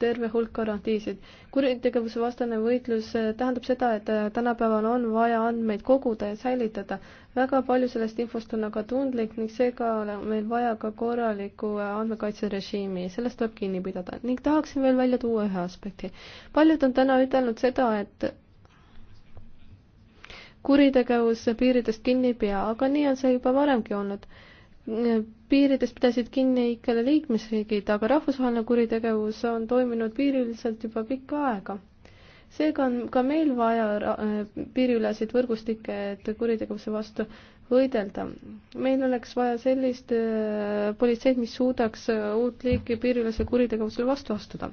terve hulk garantiisid. kuritegevuse vastane võitlus eh, tähendab seda, et eh, tänapäeval on vaja andmeid koguda ja säilitada. väga palju sellest infost on aga tundlik ning seega on meil vaja ka korralikku eh, andmekaitserežiimi, sellest tuleb kinni pidada. ning tahaksin veel välja tuua ühe aspekti. paljud on täna ütelnud seda, et kuritegevus piiridest kinni ei pea, aga nii on see juba varemgi olnud piiridest pidasid kinni ikka liikmesriigid, aga rahvusvaheline kuritegevus on toiminud piiriliselt juba pikka aega. seega on ka meil vaja piiriüleseid võrgustikke, et kuritegevuse vastu võidelda. meil oleks vaja sellist äh, politseid, mis suudaks äh, uut liiki piiriülese kuritegevusele vastu astuda.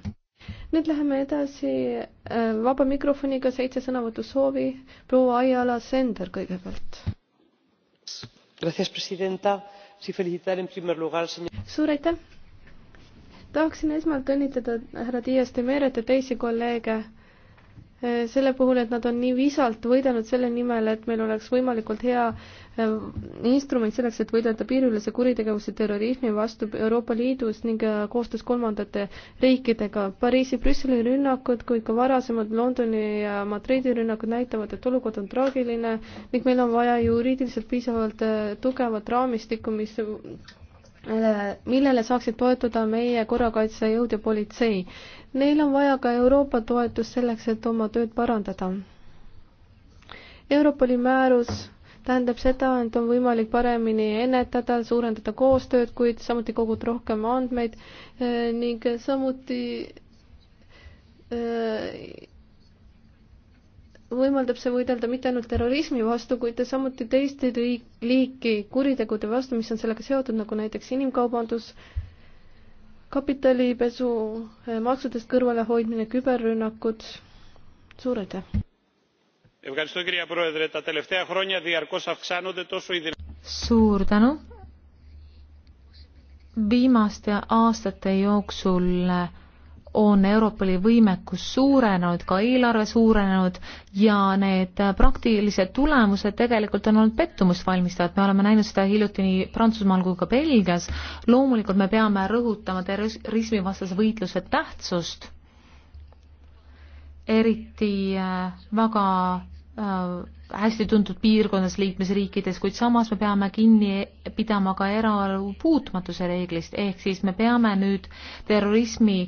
nüüd läheme edasi äh, vaba mikrofoniga, seitse sõnavõtusoovi, proua Aiala Sender kõigepealt. Gracias, presidenta suur aitäh! tahaksin esmalt õnnitleda härra Dias de Meret ja teisi kolleege Eh, selle puhul, et nad on nii visalt võidelnud selle nimel, et meil oleks võimalikult hea eh, instrument selleks, et võidelda piiriülese kuritegevuse terrorismi vastu Euroopa Liidus ning eh, koostöös kolmandate riikidega. Pariisi, Brüsseli rünnakud kui ka varasemad Londoni ja Madridi rünnakud näitavad, et olukord on traagiline ning meil on vaja juriidiliselt piisavalt tugevat raamistikku, mis Äh, millele saaksid toetuda meie korrakaitsejõud ja politsei. Neil on vaja ka Euroopa toetust selleks, et oma tööd parandada. Europoli määrus tähendab seda, et on võimalik paremini ennetada, suurendada koostööd, kuid samuti koguda rohkem andmeid äh, ning samuti äh, võimaldab see võidelda mitte ainult terrorismi vastu, kuid samuti teiste liiki kuritegude vastu, mis on sellega seotud, nagu näiteks inimkaubandus, kapitalipesu, eh, maksudest kõrvalehoidmine, küberrünnakud, suur aitäh! suur tänu! viimaste aastate jooksul on Euroopa Liidu võimekus suurenenud, ka eelarve suurenenud ja need praktilised tulemused tegelikult on olnud pettumust valmistavad, me oleme näinud seda hiljuti nii Prantsusmaal kui ka Belgias. loomulikult me peame rõhutama terrorismivastase võitluse tähtsust, eriti äh, väga äh, hästi tuntud piirkonnas liikmesriikides, kuid samas me peame kinni pidama ka eraelu puutumatuse reeglist, ehk siis me peame nüüd terrorismi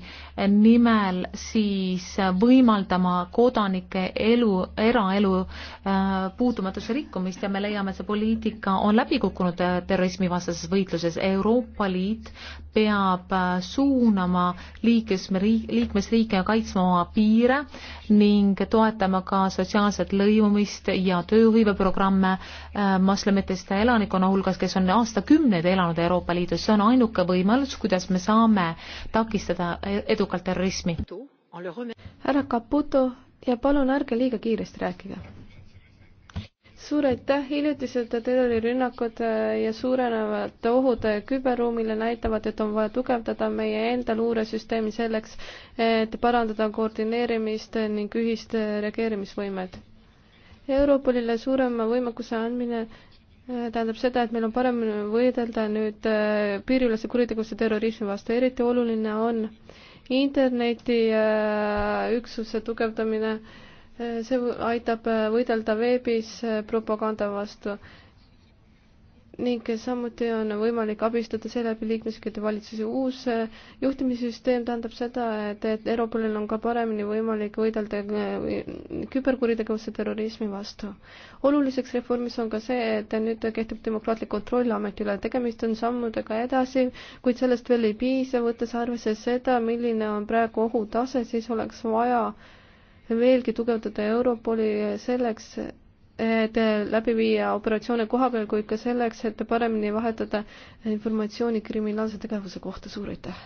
nimel siis võimaldama kodanike elu, eraelu äh, puutumatuse rikkumist ja me leiame, et see poliitika on läbi kukkunud äh, terrorismivastases võitluses. Euroopa Liit peab äh, suunama liikmesriik, liikmesriike kaitsma oma piire ning toetama ka sotsiaalset lõimumist ja ja tööhõiveprogramme äh, moslemitest elanikkonna hulgas, kes on aastakümneid elanud Euroopa Liidus, see on ainuke võimalus, kuidas me saame takistada edukalt terrorismi. härra Caputo ja palun ärge liiga kiiresti rääkige suur aitäh, hiljutised terrorirünnakud äh, ja suurenevad ohud äh, küberruumile näitavad, et on vaja tugevdada meie enda luuresüsteemi selleks, et parandada koordineerimist ning ühist reageerimisvõimet. Europolile suurema võimekuse andmine äh, tähendab seda, et meil on parem võidelda nüüd äh, piiriülese kuritegevuse terrorismi vastu, eriti oluline on internetiüksuse äh, tugevdamine, see aitab võidelda veebis propaganda vastu ning samuti on võimalik abistada seeläbi liikmesriikide valitsuse uus äh, juhtimissüsteem tähendab seda, et, et Europolil on ka paremini võimalik võidelda äh, küberkuritegevuse terrorismi vastu. oluliseks reformis on ka see, et nüüd kehtib demokraatlik kontroll ameti üle, tegemist on sammudega edasi, kuid sellest veel ei piisa, võttes arvesse seda, milline on praegu ohutase, siis oleks vaja veelgi tugevdada Europoli selleks, et äh, läbi viia operatsioone kohapeal, kuid ka selleks, et paremini vahetada informatsiooni kriminaalse tegevuse kohta. suur aitäh!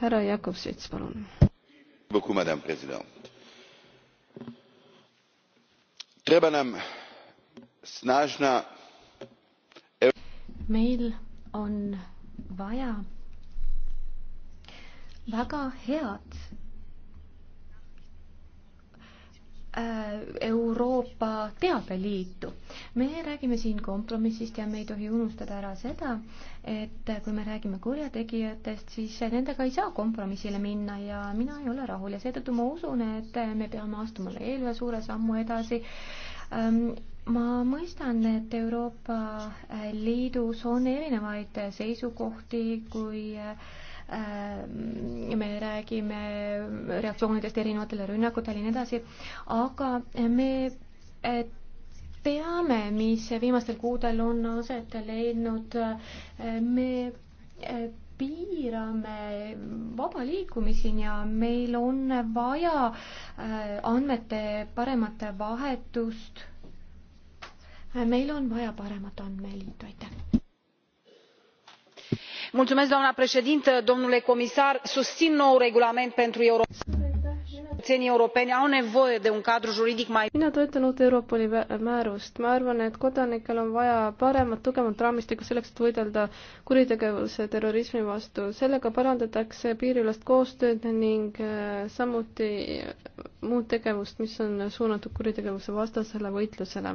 härra Jakovtšits, palun! treba nam snažna meil on vaja väga head Äh, Euroopa Teabeliitu. me räägime siin kompromissist ja me ei tohi unustada ära seda, et kui me räägime kurjategijatest, siis nendega ei saa kompromissile minna ja mina ei ole rahul ja seetõttu ma usun, et me peame astuma veel ühe suure sammu edasi ähm, ma mõistan, et Euroopa Liidus on erinevaid seisukohti, kui äh, Äh, me räägime reaktsioonidest erinevatele rünnakutele ja nii edasi, aga me äh, teame, mis viimastel kuudel on aset leidnud, äh, me piirame vaba liikumisi ja meil on vaja andmete paremat vahetust. meil on vaja paremat andmeliitu, aitäh doamnă președintă domnule comisar susțin noul regulament pentru europol cetățenii europeni au nevoie de un cadru juridic mai mina toetan uut Europoli määrust. ma arvan, et kodanikel on vaja paremat, tugevamat raamistikku selleks, et võidelda kuritegevuse terrorismi vastu. sellega parandatakse piiriülast koostööd ning äh, samuti äh, muud tegevust, mis on suunatud kuritegevuse vastasele võitlusele.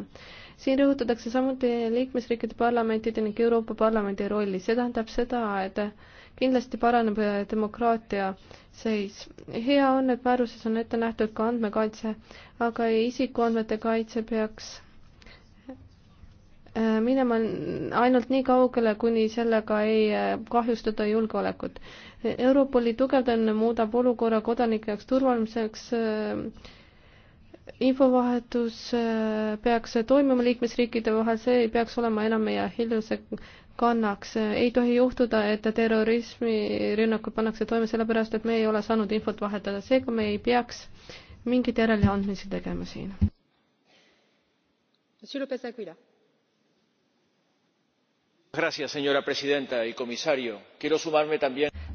siin rõhutatakse samuti liikmesriikide parlamentide ning Euroopa Parlamendi rolli. see tähendab seda, et kindlasti paraneb äh, demokraatia seis. hea on, et määruses on ette nähtud ka andmekaitse, aga isikuandmete kaitse peaks äh, minema ainult nii kaugele, kuni sellega ei äh, kahjustada julgeolekut. Europoli tugevdamine muudab olukorra kodanike jaoks turvaliseks. infovahetus peaks toimuma liikmesriikide vahel, see ei peaks olema enam meie hiljuse kannaks, ei tohi juhtuda, et terrorismirünnakud pannakse toime sellepärast, et me ei ole saanud infot vahetada, seega me ei peaks mingeid järeleandmisi tegema siin.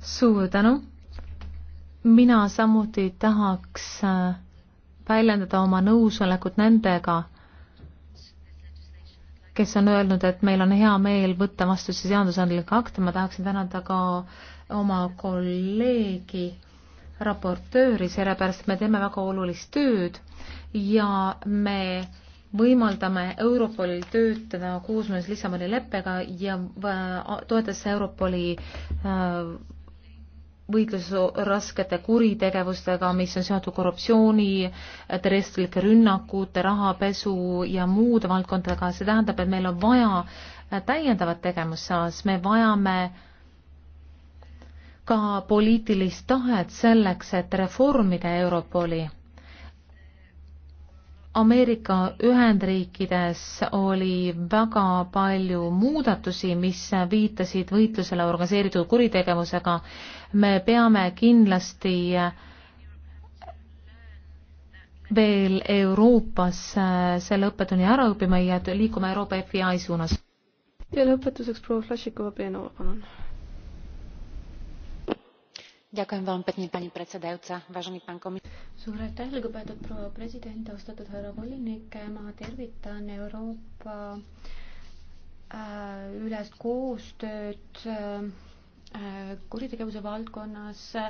suur tänu. mina samuti tahaks äh, väljendada oma nõusolekut nendega kes on öelnud, et meil on hea meel võtta vastu see seadusandlik akt ja ma tahaksin tänada ka oma kolleegi raportööri, sellepärast et me teeme väga olulist tööd ja me võimaldame Europolil töötada koosmõjus Lissaboni leppega ja äh, toetas Europoli äh, võitlus raskete kuritegevustega, mis on seotud korruptsiooni, terroristlike rünnakute, rahapesu ja muude valdkondadega, see tähendab, et meil on vaja äh, täiendavat tegevust saas, me vajame ka poliitilist tahet selleks, et reformida Europoli Ameerika Ühendriikides oli väga palju muudatusi, mis viitasid võitlusele organiseeritud kuritegevusega. me peame kindlasti veel Euroopas selle õppetunni ära õppima ja liikuma Euroopa FBI suunas. ja lõpetuseks proua Flašikova-Peenova, palun suur aitäh, lugupeetud proua president, austatud härra volinik, ma tervitan Euroopa ülest koostööd e, e, kuritegevuse valdkonnas. E,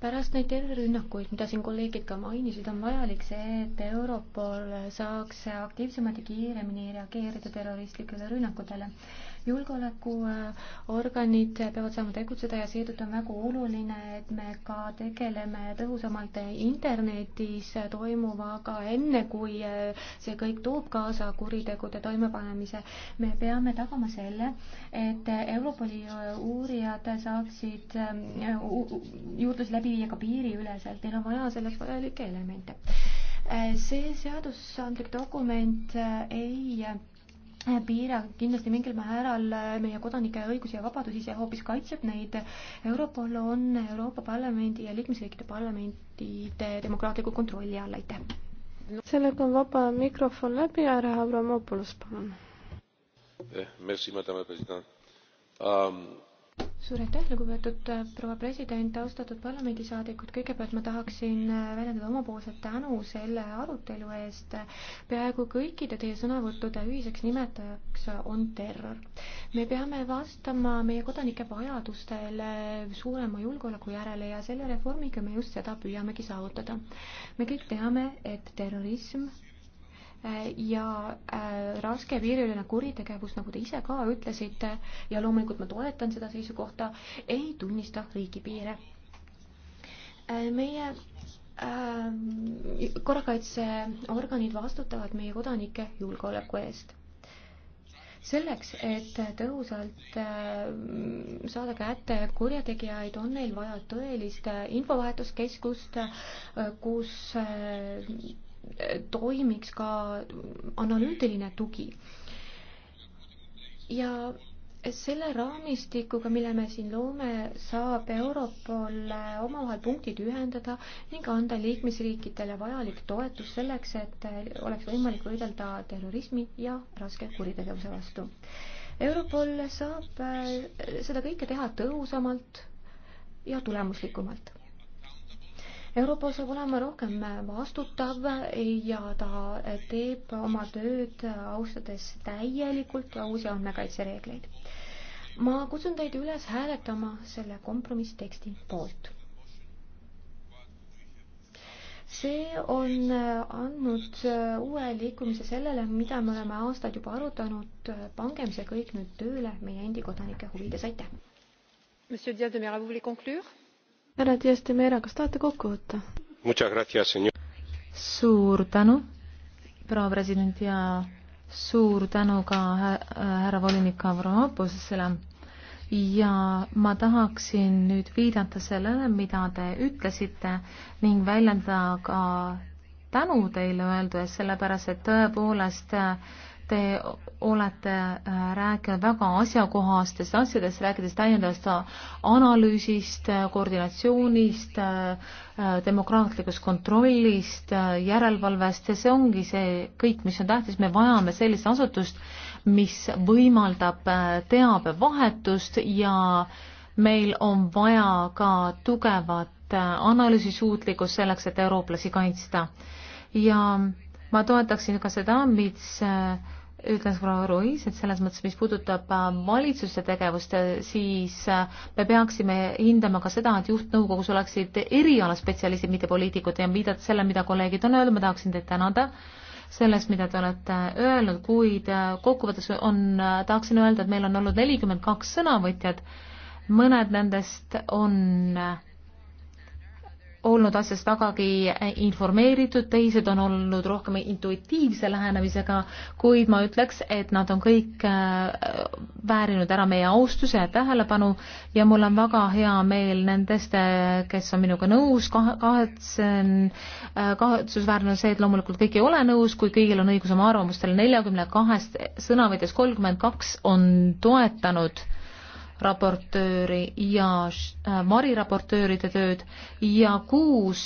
pärast neid terrorirünnakuid, mida siin kolleegid ka mainisid, on vajalik see, et Europol saaks aktiivsemalt ja kiiremini reageerida terroristlikele rünnakutele julgeolekuorganid peavad saama tegutseda ja seetõttu on väga oluline, et me ka tegeleme tõhusamalt internetis toimuvaga, enne kui see kõik toob kaasa kuritegude toimepanemise. me peame tagama selle, et Europoli uurijad saaksid äh, juurdlusi läbi viia ka piiriüleselt, neil on vaja selleks vajalikke elemente. Äh, see seadusandlik dokument äh, ei Äh, piirab kindlasti mingil määral äh, meie kodanike õigusi ja vabadusi, see hoopis kaitseb neid. Europol on Euroopa Parlamendi ja liikmesriikide parlamentide demokraatliku kontrolli all, aitäh. sellega on vaba mikrofon läbi, härra Avramopoulos, palun. Eh, merci, madame la president um, suur aitäh, lugupeetud äh, proua president, austatud parlamendisaadikud, kõigepealt ma tahaksin äh, väljendada omapoolset tänu selle arutelu eest. peaaegu kõikide teie sõnavõttude ühiseks nimetajaks äh, on terror. me peame vastama meie kodanike vajadustele suurema julgeoleku järele ja selle reformiga me just seda püüamegi saavutada. me kõik teame, et terrorism ja äh, raske piiriline kuritegevus, nagu te ise ka ütlesite, ja loomulikult ma toetan seda seisukohta, ei tunnista riigipiire. Äh, meie äh, korrakaitseorganid vastutavad meie kodanike julgeoleku eest selleks, et tõhusalt saada kätte kurjategijaid, on neil vaja tõelist infovahetuskeskust, kus toimiks ka analüütiline tugi. ja selle raamistikuga, mille me siin loome, saab Europol omavahel punktid ühendada ning anda liikmesriikidele vajalik toetus selleks, et oleks võimalik võidelda terrorismi ja raske kuritegevuse vastu. Europol saab äh, seda kõike teha tõhusamalt ja tulemuslikumalt Euroopa saab olema rohkem vastutav ja ta teeb oma tööd austades täielikult uusi andmekaitsereegleid. ma kutsun teid üles hääletama selle kompromissteksti poolt. see on andnud uue liikumise sellele, mida me oleme aastaid juba arutanud, pangem see kõik nüüd tööle meie endi kodanike huvides, aitäh! Monsieur Diaz de Mera, vous voulez conclure? härra Dias de Mera, kas tahate kokku võtta? suur tänu, proua president ja suur tänu ka härra volinik Avramoposele ja ma tahaksin nüüd viidata sellele, mida te ütlesite ning väljendada ka tänu teile öeldu eest, sellepärast et tõepoolest äh, Te olete äh, rääkinud väga asjakohastest asjadest, rääkides täiendavast analüüsist, äh, koordinatsioonist, äh, demokraatlikust kontrollist, järelevalvest ja see ongi see kõik, mis on tähtis, me vajame sellist asutust, mis võimaldab teabevahetust ja meil on vaja ka tugevat analüüsisuutlikkust selleks, et eurooplasi kaitsta. ja ma toetaksin ka seda, mis ütles proua Ruiz, et selles mõttes, mis puudutab äh, valitsuse tegevust, äh, siis äh, me peaksime hindama ka seda, et juhtnõukogus oleksid erialaspetsialistid, mitte poliitikud ja viidata selle, mida kolleegid on öelnud, ma tahaksin teid tänada sellest, mida te olete öelnud, kuid kokkuvõttes on, tahaksin öelda, et meil on olnud nelikümmend kaks sõnavõtjat, mõned nendest on äh, olnud asjast vägagi informeeritud, teised on olnud rohkem intuitiivse lähenemisega, kuid ma ütleks, et nad on kõik äh, väärinud ära meie austuse ja tähelepanu ja mul on väga hea meel nendest, äh, kes on minuga nõus, kahetsen, äh, kahetsusväärne on see, et loomulikult kõik ei ole nõus, kui kõigil on õigus oma arvamustele, neljakümne kahest sõnavõtjast kolmkümmend kaks on toetanud raportööri ja variraportööride äh, tööd ja kuus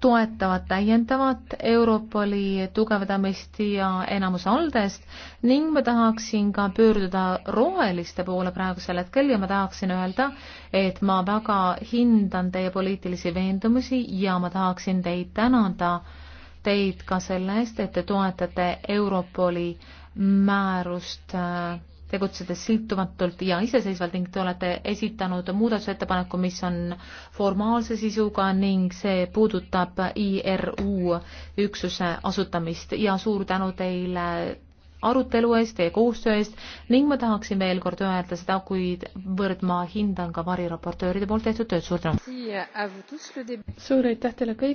toetavad täiendavat Europoli tugevdamist ja enamus aldest ning ma tahaksin ka pöörduda roheliste poole praegusel hetkel ja ma tahaksin öelda, et ma väga hindan teie poliitilisi veendumusi ja ma tahaksin teid tänada teid ka selle eest, et te toetate Europoli äh, määrust äh, tegutsedes sõltumatult ja iseseisvalt ning te olete esitanud muudatusettepaneku, mis on formaalse sisuga ning see puudutab IRU üksuse asutamist ja suur tänu teile arutelu eest, teie koostöö eest ning ma tahaksin veel kord öelda seda, kuivõrd ma hindan ka variraportööride poolt tehtud tööd, suur tänu! suur aitäh teile kõik!